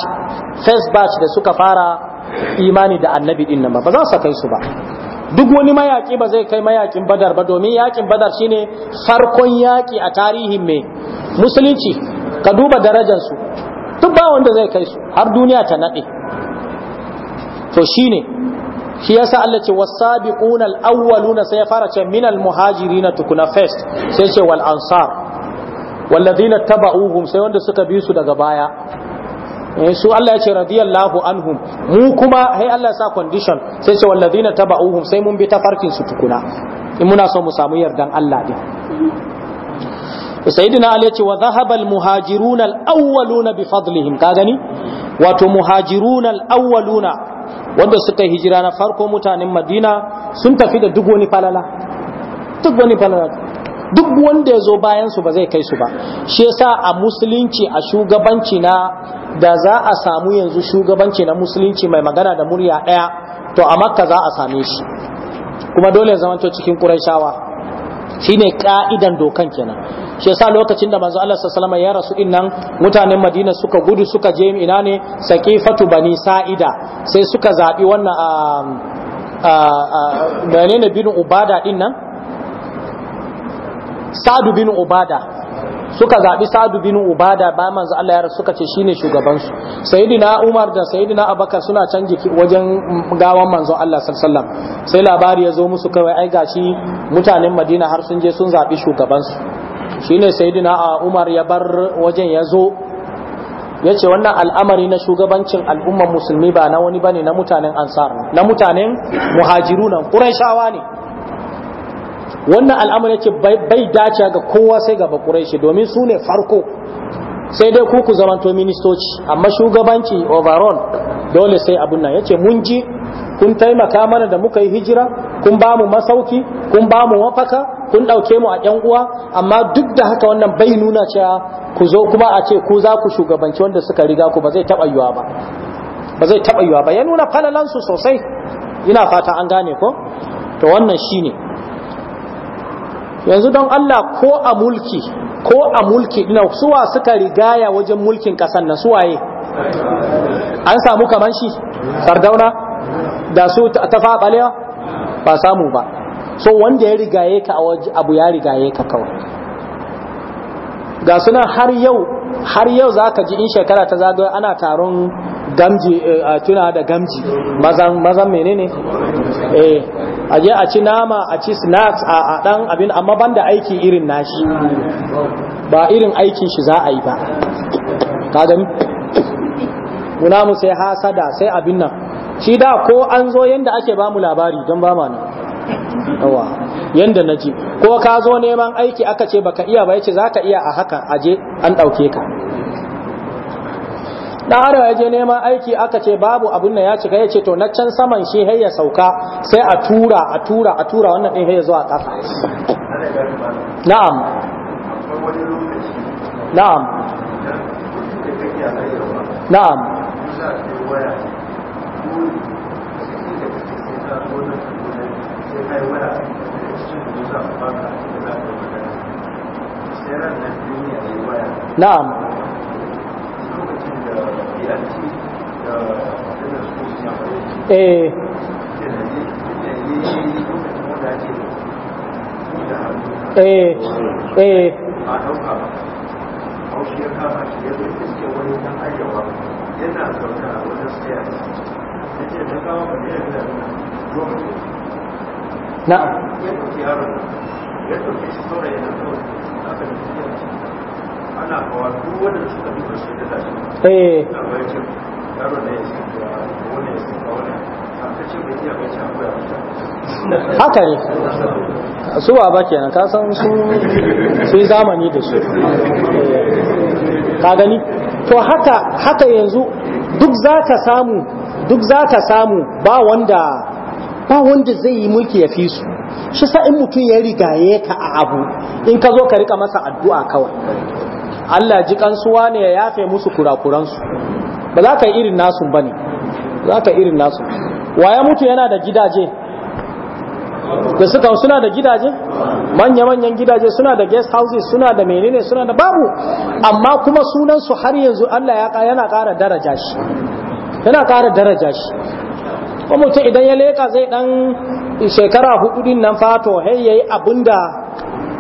first batch da suka fara imani da annabi din nan ba ba za su kai su ba duk wani mayaki ba zai kai mayakin badar ba domin yakin badar shine farkon yaki a tarihin mai musulunci ka duba darajarsu duk ba wanda zai kai su har duniya ta naɗe to shine shi yasa Allah ce wasabiquna al-awwaluna sai ya fara ce minal muhajirin tukuna first sai ce wal ansar wallazina taba'uhum sai wanda suka bi su daga baya Eh, su Allah ya ce radiyallahu anhum mu kuma hai Allah sa condition sai ce walladina taba'uhum sai mun bi farkin su tukuna in muna so mu samu yardan Allah din sayyidina Ali ya ce wa dhahaba al muhajiruna al awwaluna bi fadlihim ka gani wato muhajiruna al awwaluna wanda suka hijira na farko mutanen Madina sun tafi da duk wani falala duk wani falala duk wanda ya zo bayansu ba zai kai su ba shi yasa a musulunci a shugabanci na da za a samu yanzu shugabanci na musulunci mai magana da murya ɗaya to a makka za a same shi kuma dole zamanto cikin ƙuraishawa shine ka'idan dokan kenan shi yasa lokacin da manzo Allah sallallahu alaihi ya rasu din mutanen Madina suka gudu suka je ina ne saqifatu bani sa'ida sai suka zabi wannan a a ne bin ubada dinnan Sadu bin ubada suka zaɓi sadu bin ubada bayan manzo Allah ya suka ce shine shugaban su sayyidina Umar da sayyidina Abakar suna can jiki wajen gawan manzo Allah sallallahu alaihi wasallam sai labari ya zo musu kawai ai gashi mutanen Madina har sun je sun zaɓi shugaban su shine sayyidina Umar ya bar wajen ya zo ya ce wannan al'amari na shugabancin al'umman musulmi ba na wani bane na mutanen ansar na mutanen muhajiru muhajiruna shawa ne wannan al'amari yake bai dace ga kowa sai ga bakuraishi domin su ne farko sai dai kuku zamanto ministoci amma shugabanci overall dole sai abun nan yace mun ji kun taimaka mana da muka yi hijira kun ba mu masauki kun ba mu mafaka kun ɗauke mu a ƴan uwa amma duk da haka wannan bai nuna cewa ku zo kuma a ce ku za ku shugabanci wanda suka riga ku ba zai taɓa yiwa ba ba zai taɓa yiwa ba ya nuna falalansu sosai ina fata an gane ko to wannan shine yanzu don Allah ko a mulki ko a mulki ina suwa suka rigaya wajen mulkin kasan na suwaye an samu kamar shi sardauna da su ta faɓalewa ba samu ba so wanda ya rigaye ka a abu ya rigaye ka kawai ga sunan har yau har yau za ka ji in shekara ta zagaya ana taron gamji eh, a tuna da gamji mazan menene eh, a je a ci nama a ci snacks a dan abin amma banda aiki irin nashi ba irin aikin shi za a yi ba kaga muna mu sai hasada sai abin nan shi da ko an zo yanda ake ba mu labari don ba mana yawa yanda naji ko ka zo neman aiki aka ce baka iya ba yace zaka iya a haka aje an dauke ka ɗara ya je neman aiki aka ce babu abin da ya cika ya ce to na can saman shi har ya sauka sai a tura a tura a tura wannan ɗin har ya zuwa ƙasa na'am na'am na'am na'am eh eh eh yana eh haka ne su ba kenan ka san su yi zamani da su ka gani to haka haka yanzu duk za ka samu duk za ka samu ba wanda ba wanda zai yi mulki ya fi su shi sa in mutum ya rigaye ka a abu in ka zo ka rika masa addu'a kawai Allah ji kansuwa ne ya yafe musu kurakuransu ba za ka yi irin nasu ba ne za ka irin nasu Wa ya mutu yana da gidaje da suka suna da gidaje manya-manyan gidaje suna da guest houses suna da menene suna da babu amma kuma sunansu har yanzu Allah ya yana ƙara daraja shi yana ƙara daraja shi ko mutum idan ya leka zai dan shekara hudu din nan fato hey yayi abinda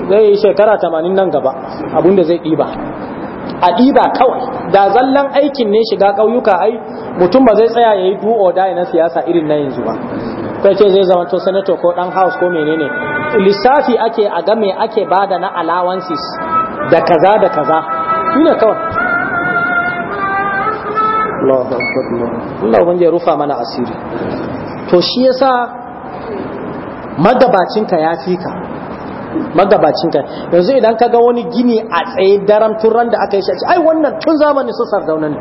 zai yi shekara tamanin nan gaba abinda zai ɗiba a ɗiba kawai da zallan aikin ne shiga ƙauyuka ai mutum ba zai tsaya ya yi do or na siyasa irin na yanzu ba kai ce zai zama to senator ko dan house ko menene lissafi ake a ga ake bada na allowances da kaza da kaza ina kawai Allah ya rufa mana asiri to shi yasa magabacinka ya fika. magabacinka yanzu idan ka ga wani gini a tsaye daram tun ran da aka yi shi ai wannan tun zamanin sun sardauna ne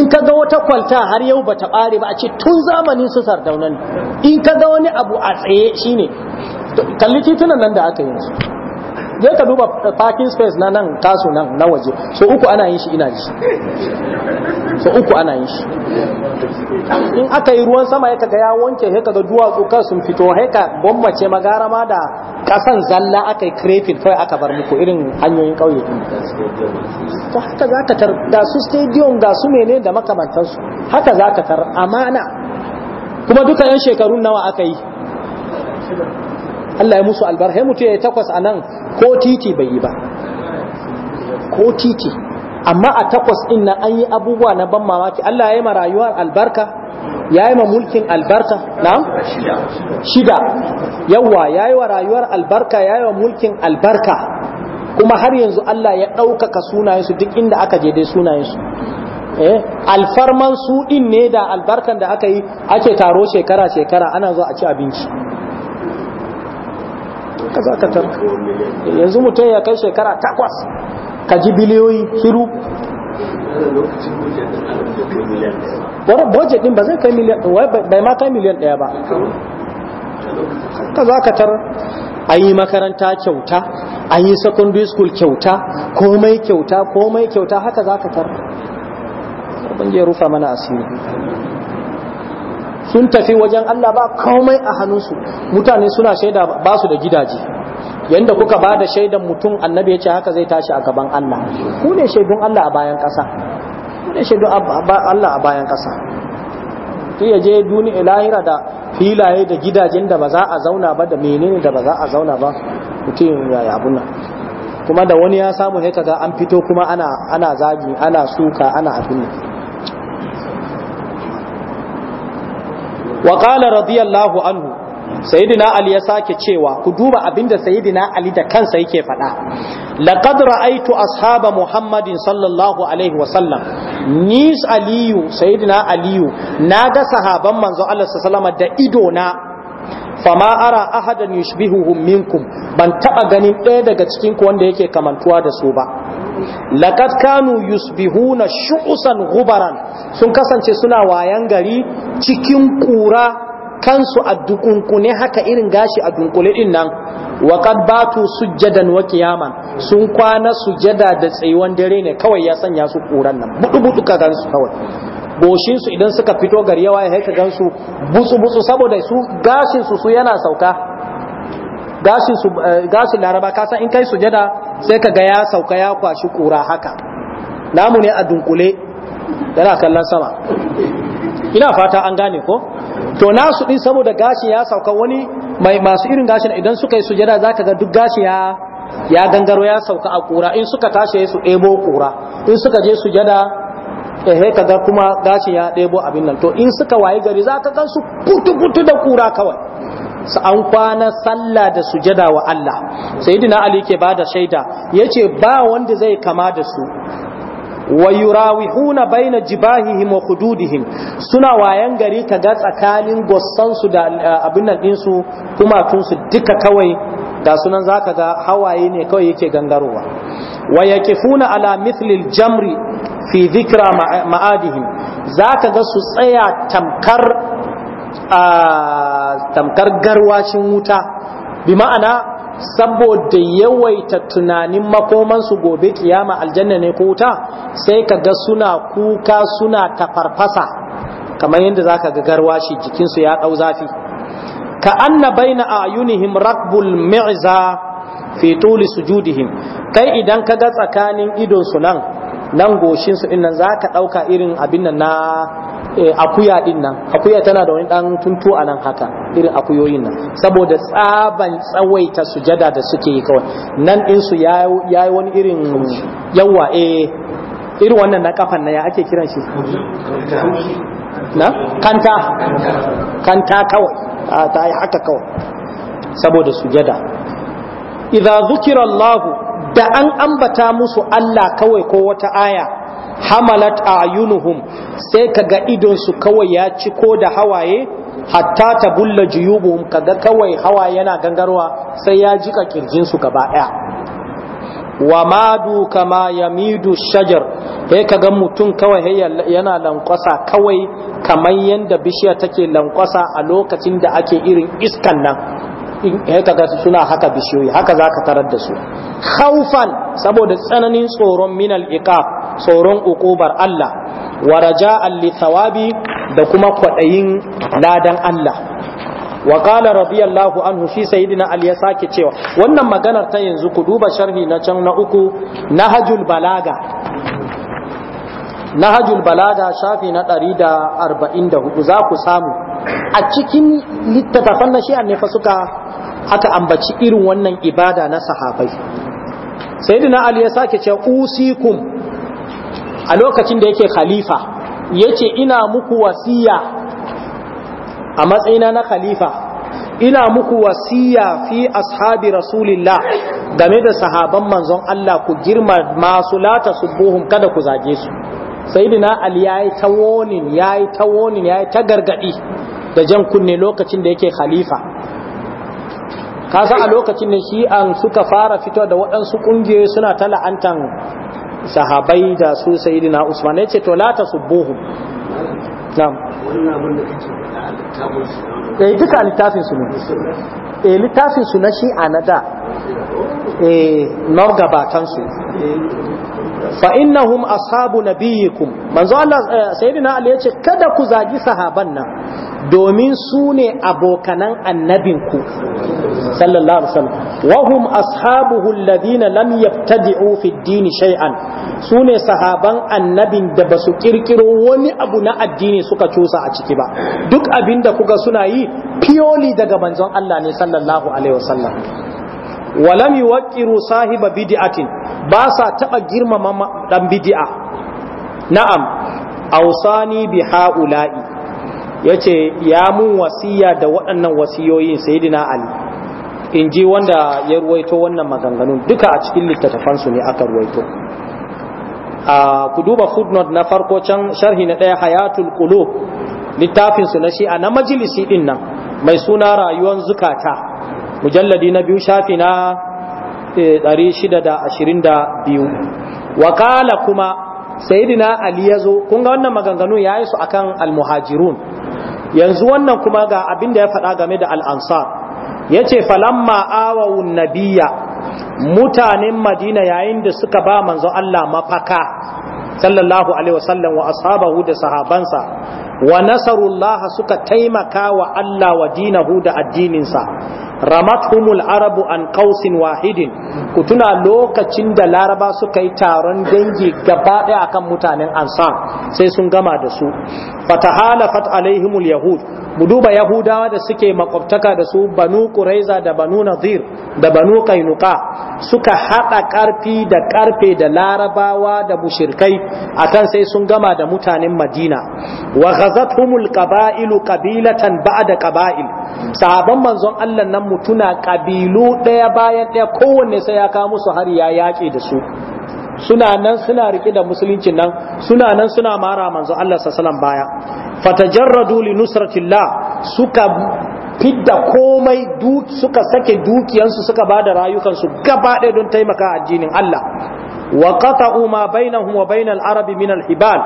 in ka ga wata kwalta har yau bata ɓare ba a ce tun zamanin sun sardauna ne in ka ga wani abu a tsaye shi ne kalli titunan nan da aka yi zai ka duba eh, parking space na nan kasu nan na waje so uku ana yin shi ina ji so uku ana yin shi in aka yi ruwan sama ya kaga ya wanke ya ga duwatsu kan sun fito ya ka gwammace magara ma da kasan zalla aka yi kirefin kawai aka bar muku irin hanyoyin ƙauye din to haka za ka tar da su stadium ga su mene da makamantansu haka za ka tar amana kuma duka yan shekarun nawa aka yi Allah ya musu albarka mutu ya yi takwas a nan ko titi bai yi ba ko titi amma a takwas ina an yi abubuwa na ban mamaki Allah ya yi ma rayuwar albarka Yayi yi ma mulkin albarka na? shida yawa ya yi wa rayuwar albarka ya yi wa mulkin albarka kuma har yanzu Allah ya ɗaukaka sunayensu duk inda aka je dai sunayensu eh alfarman su din ne da albarkan da aka yi ake taro shekara-shekara ana zo a ci abinci yanzu mutum ya kai shekara takwas ka ji biliyoyi shiru wani budget din ba zai kai miliyan bai mata miliyan ɗaya ba ka za ka tar an yi makaranta kyauta an yi secondary school kyauta komai kyauta komai kyauta haka za ka tar ban je rufa mana asiri sun tafi wajen Allah ba komai a hannunsu mutane suna shaida ba su da gidaje yanda kuka ba da shaidan mutum annabi ya ce haka zai tashi a gaban Allah ku ne shaidun Allah a bayan ƙasa ku ne shaidun Allah a bayan ƙasa ku ya je duniya lahira da filaye da gidajen da ba za a zauna ba da menene da ba za a zauna ba mutum ya yabu nan kuma da wani ya samu sai kaga an fito kuma ana ana zagi ana suka ana abin wa qala radiyallahu anhu sayyidina ali ya sake cewa ku duba abinda sayyidina ali da kansa yake faɗa laqad ra'aytu ashaba muhammadin sallallahu alaihi wa sallam ni aliyu sayyidina aliyu naga sahaban manzo Allah sallallahu da ido na fama ara ahadan yushbihuhum minkum ban taba ganin ɗaya daga cikin ku wanda yake kamantuwa da su ba laqad kanu yusbihuna shu'usan ghubaran sun kasance suna wayan gari cikin kura kansu a dukunkune haka irin gashi a dunkule din nan wa kad batu sujjadan wa qiyaman sun kwana sujjada da tsayuwan dare ne kawai ya sanya su kuran nan budu budu ka gansu kawai goshin su idan suka fito gari yawa ya haika gansu butsu butsu saboda su gashin su su yana sauka gashin su eh, gashin laraba ka san in kai sujjada sai ka ga ya sauka ya kwashi kura haka namu ne a dunkule yana kallon sama ina fata an gane ko to nasu din saboda gashi ya sauka wani masu irin gashin idan suka yi sujada zaka ga duk gashi ya ya gangaro ya sauka a kura in suka tashi su ebo kura in suka je sujada ehe ga kuma gashi ya ɗebo abin nan to in suka waye gari zaka gan su putu putu da kura kawai sa an kwana sallah da sujada wa Allah sayyidina ali ke bada shaida yace ba wanda zai kama da su wa yurawihuna baina jibahihim wa hududihim suna wayan gari kaga tsakanin gossansu da eh, abin ɗinsu kumatunsu duka kawai da sunan zaka ga hawaye ne kawai yake gangarowa wa yakifuna ala mithlil jamri fi dhikra ma'adihim zaka ga su tsaya tamkar ah, tamkar garwacin wuta bi ma'ana saboda yawaita tunanin makomansu gobe kiyama aljanna ne ko wuta sai ka ga suna kuka suna tafarfasa kamar yadda za ka ga garwashi jikinsu ya ɗau zafi ka anna baina ayunihim rakbul mi'za fi tuli sujudihim kai idan ka ga tsakanin idonsu nan nan goshinsu ɗin nan za ka ɗauka irin abin nan na Eh, akuya din nan akuya tana da wani dan tuntu a nan haka irin akuyoyin nan saboda tsaban tsawaita sujada da suke yi kawai nan din su yayi wani irin yawa eh irin wannan na kafan na ya ake kiran shi na kanta kanta kawai ah, ta yi haka kawai saboda sujada idza zukira Allah da an ambata musu Allah kawai ko wata aya hamalat ayunuhum sai kaga idon su kawai ya ci ko da hawaye hatta ta bulla juyubuhum kaga kawai hawaye yana gangarwa sai ya jika kirjinsu gaba daya wa madu kama yamidu shajar sai kaga mutum kawai yana lankwasa kawai kamar yanda bishiya take lankwasa a lokacin da ake irin iskan nan in kaga suna haka bishiyoyi haka zaka tarar da su khaufan saboda tsananin tsoron minal iqab tsoron ukubar Allah wa raja'an thawabi da kuma kwadayin ladan Allah wa qala radiyallahu anhu shi ali ya sake cewa wannan maganar ta yanzu ku duba sharhi na can na uku nahjul balaga nahjul balaga shafi na 144 za ku samu a cikin littattafan na shi'an ne fa suka aka ambaci irin wannan ibada na sahabai Saidina ali ya sake cewa usikum a lokacin da yake khalifa yace ina muku wasiya a matsayina na khalifa ina muku wasiya fi ashabi rasulillah game da sahaban manzon Allah ku girma masu lata subuhum kada ku zage su sayyidina ali yayi ta warning yayi ta warning yayi ta gargadi da jan kunne lokacin da yake khalifa Kasa a lokacin da shi'an suka fara fito da waɗansu ƙungiyoyi suna ta la'antan sahabai da su sayyidina usman ya ce to la tasubbuhum na'am eh duka littafin su ne eh littafin su na shi na eh nor gabatan su fa innahum ashabu nabiyikum manzo Allah eh, sayyidina Ali yace kada ku zagi sahaban nan domin su ne abokanan annabinku sallallahu alaihi wasallam wahum ashabuhu alladhina lam yabtadi'u fi ad shay'an su ne sahaban annabin da basu kirkiro wani abu na addini suka cusa a ciki ba duk abin da kuga suna yi fioli daga manzon Allah ne sallallahu alaihi wasallam walam yuwaqqiru sahiba bid'atin ba sa taba girmama dan bid'a na'am awsani bi ha'ula'i ya ce ya mun wasiya da waɗannan wasiyoyin sayidina ali in ji wanda ya ruwaito wannan maganganun duka a cikin littattafansu ne aka ruwaito a ku duba footnote na farko can sharhi na ɗaya hayatul qulub littafinsu na shi'a na majalisi ɗin nan mai suna rayuwar zukata mujalladi na biyu shafi na 622 eh, wakala kuma sayidina ali ya zo kun wannan maganganun ya yi su akan almuhajirun yanzu wannan kuma ga abin da ya faɗa game da al'ansar ya ce falamma awawun nabiya mutanen madina yayin da suka ba manzo Allah mafaka sallallahu alaihi wasallam wa ashabahu da sahabansa wa nasarullaha suka taimaka wa Allah wa dinahu da addininsa ramathumul arabu an qausin wahidin ku tuna lokacin da laraba suka yi taron dangi gaba daya akan mutanen ansar sai sun gama da su fatahalafat alaihimul yahud mu duba yahudawa da suke makwabtaka da su banu quraiza da banu Nazir da banu Kainuka suka haɗa ƙarfi da ƙarfe da larabawa da mushirkai akan sai sun gama da mutanen madina wa ghazathumul qaba'ilu qabilatan ba'da qaba'il sahaban manzon Allah nan mutuna ƙabilu ɗaya bayan ɗaya kowanne sai ya ka musu har ya yake da su suna nan suna rike da musulunci nan suna nan suna mara manzo Allah sallallahu baya fatajarradu li nusratillah suka fidda komai suka sake dukiyansu suka bada rayukansu gaba ɗaya don taimaka addinin Allah wa qata'u ma bainahum wa bainal arabi min al hibal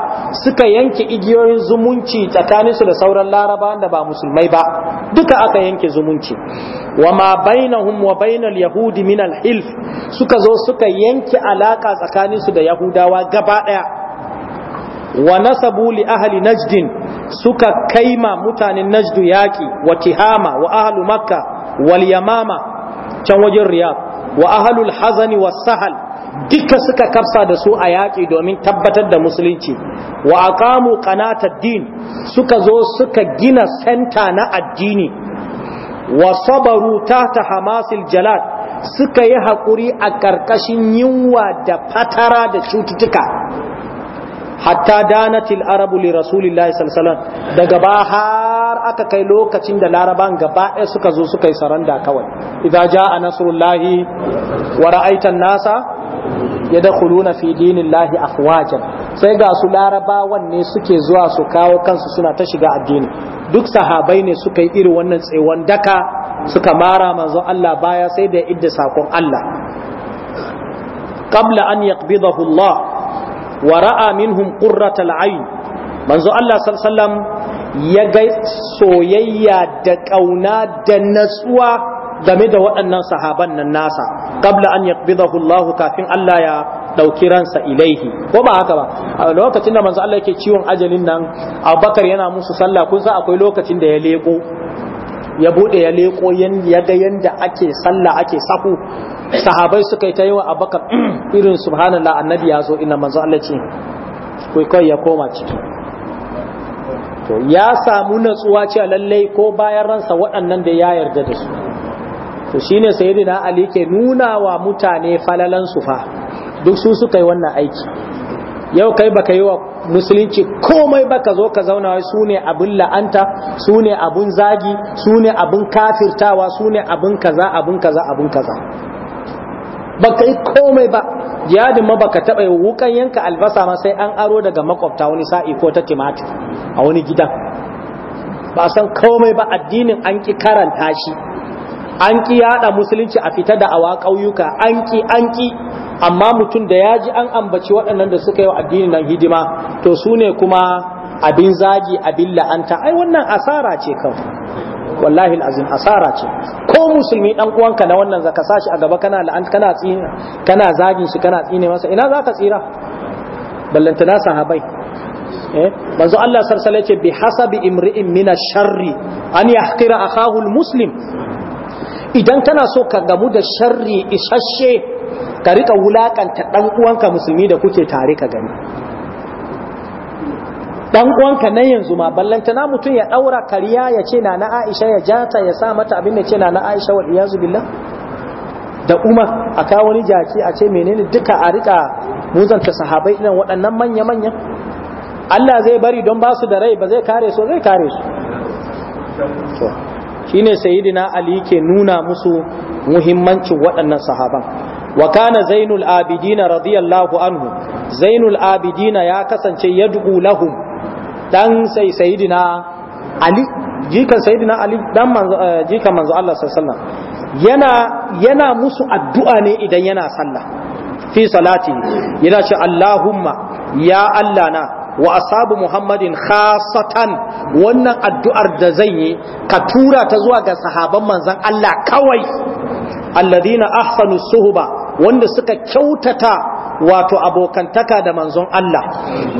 suka yanke igiyoyin zumunci tsakanin su da sauran larabawan da ba musulmai ba duka aka yanke zumunci wa ma bainahum wa bainal yahudi min al hilf suka zo suka yanke alaka tsakanin su da yahudawa gaba daya wa nasabu li ahli najdin suka kaima mutanen najdu yaki wa tihama wa ahlu makka wal yamama can wajen riyadh wa ahalul hazani wa sahal duka suka kafsa da su a yaƙi domin tabbatar da musulunci wa aqamu qanatad din suka zo suka gina senta na addini wa sabaru tahta hamasil jalad suka yi haƙuri a ƙarƙashin yunwa da fatara da cututtuka hatta danatil arabu li rasulillahi sallallahu daga ba har aka kai lokacin da laraban gaba ɗaya suka zo suka yi saranda kawai idza jaa nasrullahi wa ra'aita an-nasa yadkhuluna fi dinillahi afwajan sai ga su larabawan ne suke zuwa su kawo kansu suna ta shiga addini duk sahabai ne suka yi irin wannan tsewon daka suka mara manzon Allah baya sai da idda sakon Allah qabla an yaqbidahu Allah wa ra'a minhum qurratal ayn manzo Allah sallallahu ya ga soyayya da kauna da natsuwa game da waɗannan sahaban nan nasa qabla an yaqbidahu Allah kafin Allah ya dauki ransa ilaihi ko ba haka ba a lokacin da manzo Allah yake ciwon ajalin nan Abubakar yana musu sallah kun san akwai lokacin da ya leko ya bude ya leko ya ga yanda ake sallah ake sahu sahabai suka yi ta yi wa abakar irin subhanallah annabi ya zo ina manzo Allah ce kai ya koma ciki to ya samu natsuwa a lallai ko bayan ransa waɗannan da ya yarda da su to shine sayyidina ali ke nuna wa mutane falalan su fa duk su suka yi wannan aiki yau kai baka yi wa musulunci komai baka zo ka zauna wai su ne abin la'anta su ne abin zagi su ne abin kafirtawa su ne abin kaza abin kaza abin kaza baka yi komai ba jihadin ma baka taɓa wukan yanka albasa ma sai an aro daga makwabta wani sa'i ko ta timatir a wani gidan ba san komai ba addinin an ki karanta shi an ki yada musulunci a fita da awa ƙauyuka an ki an ki amma mutum da ya ji an ambaci waɗannan da suka yi wa addinin nan hidima to su ne kuma abin zagi abin la'anta ai wannan asara ce kawai wallahi azim asara ce ko musulmi dan uwanka na wannan zaka sashi a gaba kana la'anta kana tsina kana zagin shi kana tsine masa ina zaka tsira ballantana sahabai eh manzo Allah sarsala ce bi hasabi imri'in min sharri an yahqira akahu muslim idan kana so ka gamu da sharri isasshe ka rika wulakanta dan uwanka musulmi da kuke tare ka gani dan uwanka na yanzu ma ballanta na mutum ya daura kariya ya ce na na Aisha ya jata ya sa mata abin da ce na na Aisha wa iyazu billah da Umar a kawo wani jaki a ce menene duka a rika muzanta sahabai irin waɗannan manya manya Allah zai bari don ba su da rai ba zai kare su zai kare su to shine sayyidina Ali ke nuna musu muhimmancin waɗannan sahaban wa kana Zainul Abidin radiyallahu anhu Zainul Abidin ya kasance yad'u lahum dan sai sayyidina ali jikan sayyidina ali dan manzo eh, jikan manzo Allah sallallahu alaihi yana yana musu addu'a ne idan yana sallah fi salati yana ce Allahumma ya Allah na wa asabu muhammadin khasatan wannan addu'ar da zan yi ka tura ta zuwa ga sahaban manzon Allah kawai alladina ahsanu suhuba wanda suka kyautata wato abokantaka da manzon Allah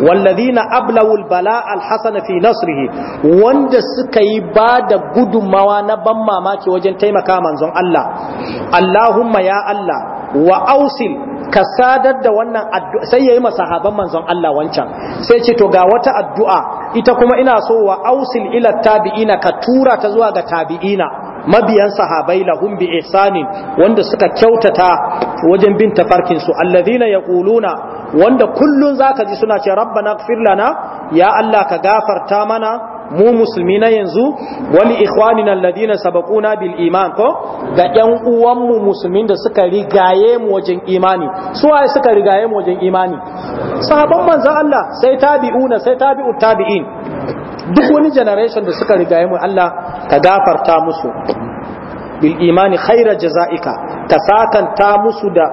wallazina ablawul bala alhasana fi nasrihi wanda suka yi ba da gudummawa na ban mamaki wajen taimaka manzon Allah Allahumma ya Allah wa ausil ka sadar da wannan addu'a sai yayi masahaban manzon Allah wancan sai ce to ga wata addu'a ita kuma ina so wa ausil ila tabi'ina ka tura ta zuwa ga tabi'ina mabiyan sahabai lahum bi ihsanin wanda suka kyautata wajen bin tafarkin su alladhina yaquluna wanda kullun zaka ji suna ce rabbana ighfir lana ya Allah ka gafarta mana mu musulmi na yanzu wali na alladhina sabaquna bil iman ko ga yan uwan mu musulmin da suka rigaye mu wajen imani su waye suka rigaye mu wajen imani sahabban manzon Allah sai tabi'una sai tabi'ut tabi'in duk wani generation da suka rigaye mu Allah ka gafarta musu bil imani khaira jaza'ika ka sakanta musu da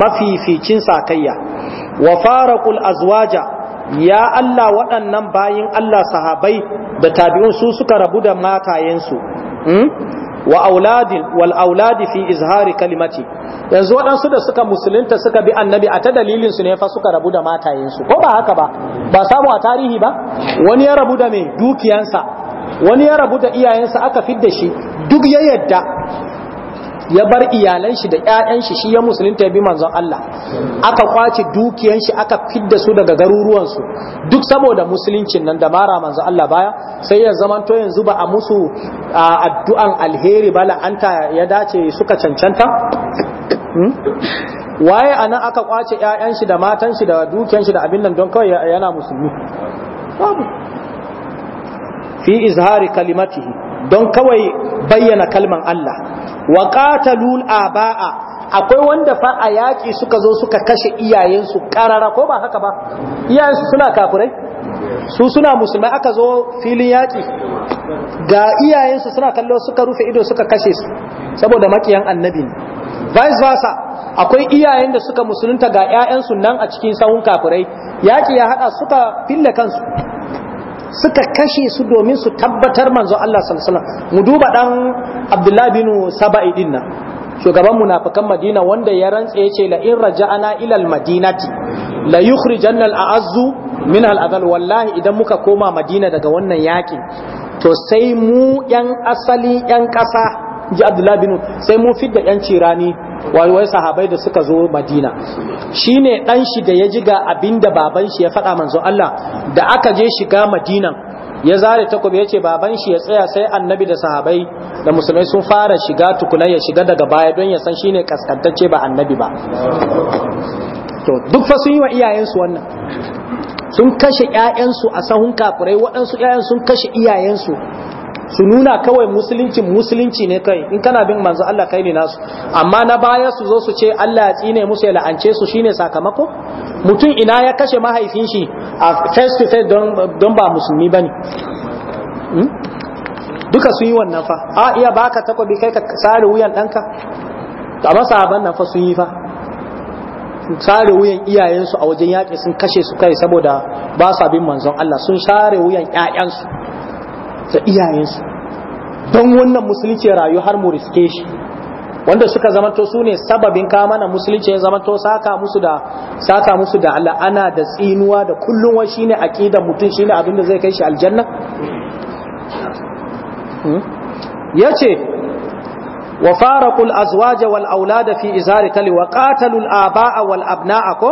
mafificin sakayya wa faraqul azwaja ya Allah waɗannan bayin Allah sahabai da tabi'un su suka rabu da matayensu hmm? wa auladin wal auladi fi izhari kalimati yanzu waɗansu da suka musulunta suka bi annabi a ta dalilin su ne fa suka rabu da matayensu ko ba haka ba ba samu a tarihi ba wani ya rabu da mai dukiyansa wani ya rabu da iyayensa aka fidda shi duk ya yadda ya bar iyalan shi da ƴaƴan shi shi ya musulunta ya bi manzon Allah aka kwace dukiyan shi aka fidda su daga garuruwan su duk saboda musuluncin nan da mara manzon Allah baya sai ya zamanto yanzu ba a musu addu'an alheri ba la'anta ya dace suka cancanta hmm? waye anan aka kwace ƴaƴan shi da matan shi da dukiyan shi da abin nan don kawai yana musulmi babu fi izhari kalimatihi don kawai bayyana kalman Allah wa qatalul abaa akwai wanda fa a yaki suka zo suka kashe iyayensu karara ko ba haka ba iyayensu suna kafirai su suna musulmai aka zo filin yaki ga iyayensu suna kallo suka rufe ido suka kashe su saboda makiyan annabi vice versa akwai iyayen da suka musulunta ga 'ya'yansu nan a cikin sahun kafurai yaki ya haɗa suka fille kansu suka kashe su domin su tabbatar manzo Allah sallallahu alaihi wasallam mu duba dan Abdullah bin Saba'i din nan shugaban munafikan Madina wanda ya rantsa yace la in raja'ana ila al-madinati la yukhrijanna al min al-adhal wallahi idan muka koma Madina daga wannan yakin to sai mu yan asali yan kasa ji abdullahi binu sai mun fidda yan cirani wai sahabai da suka zo madina shine dan shi da ya ji ga abinda baban shi ya faɗa manzo Allah da aka je shiga madinan ya zare takobi ce baban shi ya tsaya sai annabi da sahabai da musulmai sun fara shiga tukuna ya shiga daga baya don ya san shine kaskantacce ba annabi ba to duk fa sun yi wa iyayensu wannan sun kashe 'ya'yansu a sahun kafurai waɗansu 'ya'yan sun kashe iyayensu su nuna kawai musulunci musulunci ne kai in kana bin manzo Allah kai ne nasu amma na baya su zo su ce Allah ya tsine musu ya la'ance su shine sakamako mutum ina ya kashe mahaifin shi a face to face don ba musulmi bane hmm? duka sun yi wannan fa a iya baka takobi kai ka sare wuyan danka ba sahaban nan fa sun yi fa sare wuyan iyayensu a wajen yaƙi sun kashe su kai saboda ba sa bin manzon Allah sun share wuyan ƴaƴansu da iyayensu don wannan musulunci rayu har mu riske shi wanda suka zamanto su ne sababin kamana musulunci ya zamanto saka musu da saka musu da la'ana da tsinuwa da kullum wa shine aqidar mutum shine abin da zai kai shi aljanna hmm? Ya ce, wa faraqul azwaj wal aulada fi izari tali wa qatalul abaa wal abnaa ko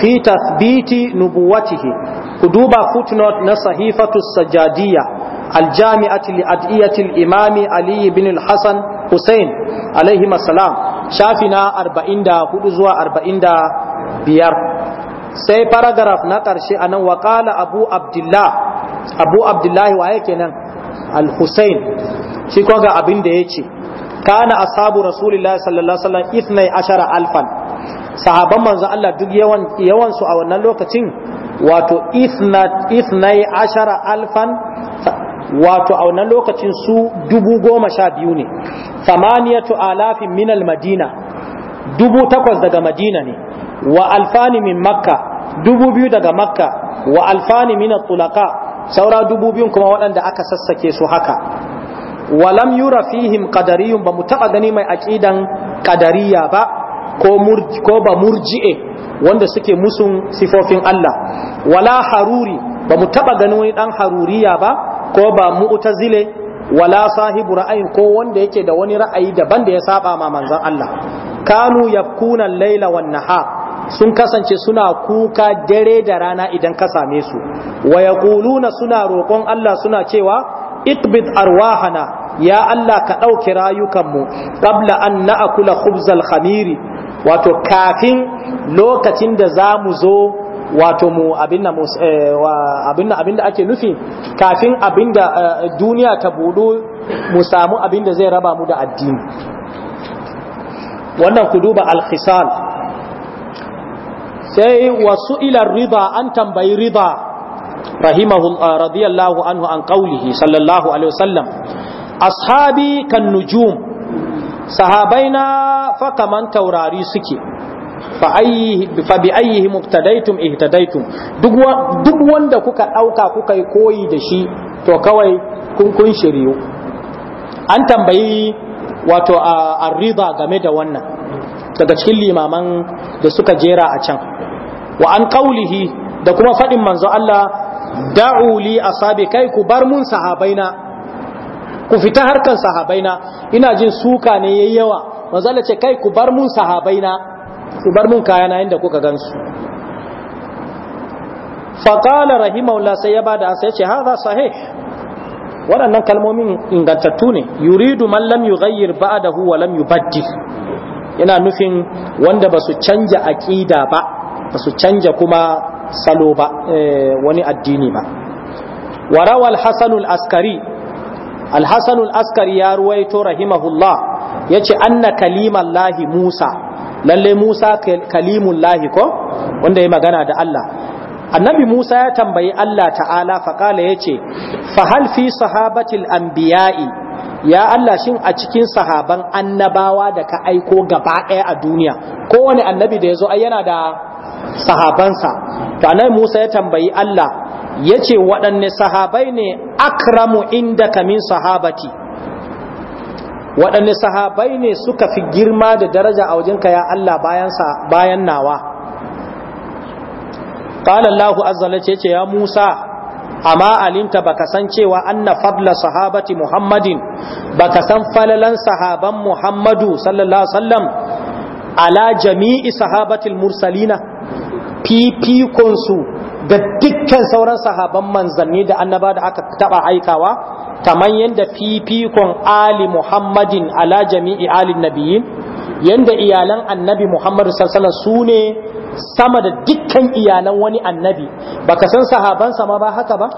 fi tathbiti nubuwatihi ku duba footnote na sahifatu sajadiyya الجامعة لأدعية الإمام علي بن الحسن حسين عليهما السلام شافنا أربعين دا هدوزوا أربعين دا بيار سي باراغراف نقر شيئا وقال أبو عبد الله أبو عبد الله وهيكنا الحسين شكوغا أبين ديتي كان أصحاب رسول الله صلى الله عليه وسلم إثني عشر ألفا sahaban manzo Allah duk yawan yawan su a wannan lokacin wato ithnai ashara alfan wato a wannan lokacin su dubu goma sha biyu ne samaniyatu alafin minal madina dubu takwas daga madina ne wa alfani min makka dubu biyu daga makka wa alfani min tulaka saura dubu biyu kuma waɗanda aka sassake su haka walam yura fihim qadariyun ba mu taɓa gani mai aƙidan qadariya ba ko ba murji'e wanda suke musun sifofin Allah wala haruri ba mu taɓa gani wani ɗan haruriya ba ko ba mu'tazile wala sahibu ra'ayin ko wanda yake da wani ra'ayi daban da ya saba ma manzon Allah kanu yafkuna laila wan nahar sun kasance suna kuka dare da rana idan ka same su wa suna roƙon Allah suna cewa iqbid arwahana ya Allah ka ɗauki rayukanmu ƙabla an na'akula khubzal khamiri wato kafin lokacin da za mu zo wato mu abinda eh, abinda abinda ake nufi kafin abinda eh, duniya ta budu mu samu abinda zai raba mu da addini wannan ku duba alkhisal sai wasu ilar riba an tambayi riba. rahimahu eh, radiyallahu anhu an qawlihi sallallahu alaihi wasallam ashabi kan nujum sahabaina fa kaman taurari suke fa bi ayyihi mubtadaitum ihtadaitum duk wanda kuka dauka kuka yi koyi da shi to kawai kun kun shiryu an tambayi wato a rida game da wannan daga cikin limaman da suka jera a can wa an qaulihi da kuma fadin manzo Allah da'u li asabi kai ku bar mun sahabaina ku fita harkan sahabaina ina jin suka ne yayi yawa manzo Allah ce kai ku bar mun sahabaina su bar mun kayana inda kuka gansu faƙala rahimahullah sai ya bada asa ya ce haza sahih waɗannan kalmomin ingantattu ne yuridu man lam yughayyir da huwa lam yubaddi yana nufin wanda ba su canja aqida ba ba su canja kuma salo ba eh, wani addini ba wa rawa al-hasan al ya al-hasan askari ya ruwaito rahimahullah yace anna kalimallahi musa lalle Musa kalimullahi ko wanda ya magana da Allah annabi Musa ya tambayi Allah ta'ala faƙala ya ce fahal fi sahabatil anbiya'i ya Allah shin a cikin sahaban annabawa da ka aiko gaba ɗaya a duniya kowane annabi da ya zo yana da sahabansa to annabi Musa ya tambayi Allah ya ce waɗanne sahabai ne akramu inda kamin sahabati waɗanne sahabai ne suka fi girma da daraja a wajenka ya Allah bayan nawa قال الله عز ce ya Musa. amma alimta baka san cewa anna fadla sahabati muhammadin baka san falalan sahaban muhammadu sallallahu sallam ala jami'i sahabatil mursalina fifikonsu da dukkan sauran sahaban manzanni da annaba da aka taɓa aikawa kamar yadda fifikon ali muhammadin ala jami'i alin nabiyin yadda iyalan annabi muhammadu Sassana su ne sama da dukkan iyalan wani annabi baka san sahabansa ma ba haka ba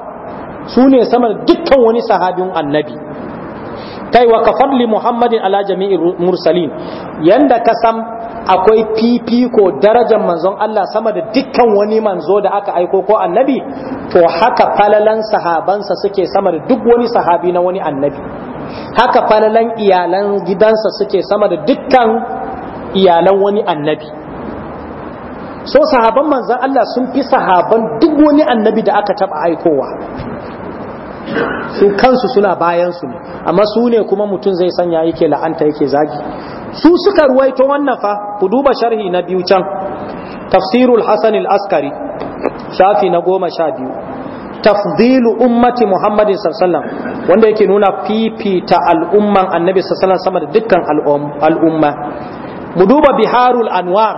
su ne sama da dukkan wani sahabin annabi kai wa kafadli muhammadin ala jami'i mursalin yadda ka san akwai fifiko darajar manzon Allah sama da dukkan wani manzo da aka aiko ko annabi to haka falalan sahabansa suke sama da duk wani sahabi na wani annabi haka falalan iyalan gidansa suke sama da dukkan iyalan wani annabi so sahaban manzon Allah sun fi sahaban duk wani annabi da aka taba aikowa su kansu suna bayansu ne amma su ne kuma mutum zai sanya yake la'anta yake zagi su suka ruwaito wannan fa ku duba sharhi na biyu can tafsirul hasan al-askari shafi na goma sha biyu tafdilu ummati muhammadin sallallahu wanda yake nuna fifita al'umman annabi sallallahu sama da dukkan al'umma mu duba biharul anwar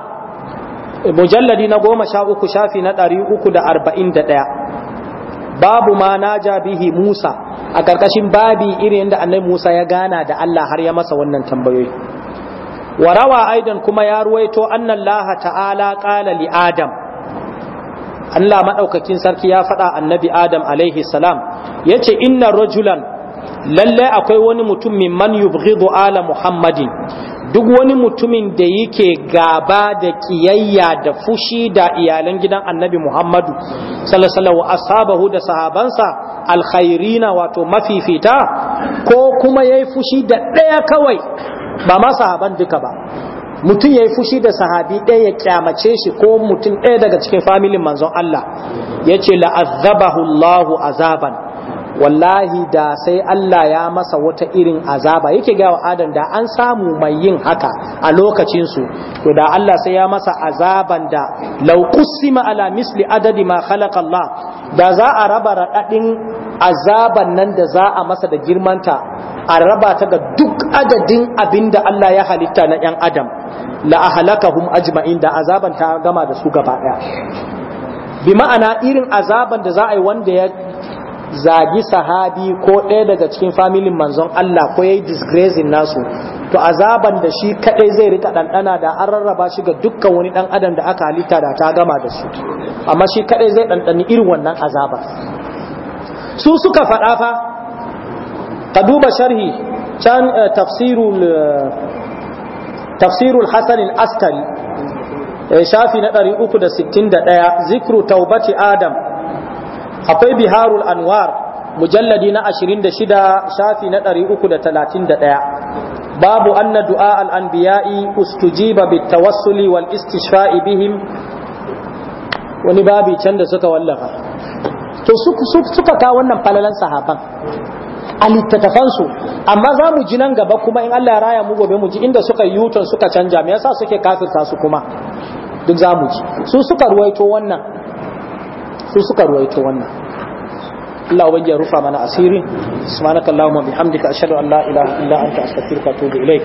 mujalladi na goma sha uku shafi na ɗari uku da arba'in da ɗaya babu ma naja bihi musa a ƙarƙashin babi irin da annabi musa ya gana da allah har ya masa wannan tambayoyi Warawa aidan kuma ya ruwaito annan laha ta'ala ƙala li adam Allah maɗaukakin sarki ya faɗa annabi adam alaihi salam ya ce inna rajulan lallai akwai wani mutum min man yubghidu ala muhammadin duk wani mutumin da yake gaba da ƙiyayya da fushi da iyalan gidan annabi muhammadu sallallahu asabahu da sahabansa alkhairina wato mafifita ko kuma ya yi fushi da ɗaya kawai ba ma sahaban duka ba mutum ya yi fushi da sahabi ɗaya ya kyamace shi ko mutum ɗaya daga cikin familin manzon Allah ya ce azaban wallahi da sai Allah ya masa wata irin azaba yake wa adam da an samu mai yin haka a lokacinsu to da Allah sai ya masa azaban da lauƙusima ala misli adadi ma khalaqa Allah da za a raba raɗaɗin azaban nan da za a masa da girman ta a raba ta ga duk adadin abin da Allah ya halitta na ‘yan adam la a ajma'in da azaban ta gama da su gaba ɗaya bi ma'ana irin azaban da za a yi wanda ya zagi sahabi ko ɗaya daga cikin familin manzon Allah ko ya yi disgracing nasu to azaban da shi kaɗai zai rika ɗanɗana da an rarraba shi ga dukkan wani ɗan adam da aka halitta da ta gama da su amma shi kaɗai zai ɗanɗani irin wannan azaban su suka faɗa fa ka duba sharhi can eh, tafsirul eh, tafsirul askari eh, shafi na 361 zikru taubati adam akwai biharul anwar mujalladi na 26 shafi na 331 babu anna du'a al-anbiya'i ustujiba bitawassuli wal istishfa'i bihim wani babi can da suka wallafa to suka kawo wannan falalan sahaban a littattafansu amma za mu ji nan gaba kuma in Allah ya raya mu gobe mu ji inda suka yi yuton suka canja me yasa suke kafirta su kuma duk za mu ji su suka ruwaito wannan su suka ruwaito wannan Allah ubangi ya rufa mana asiri subhanakallahumma bihamdika ashhadu an la ilaha illa anta astaghfiruka wa atubu ilaik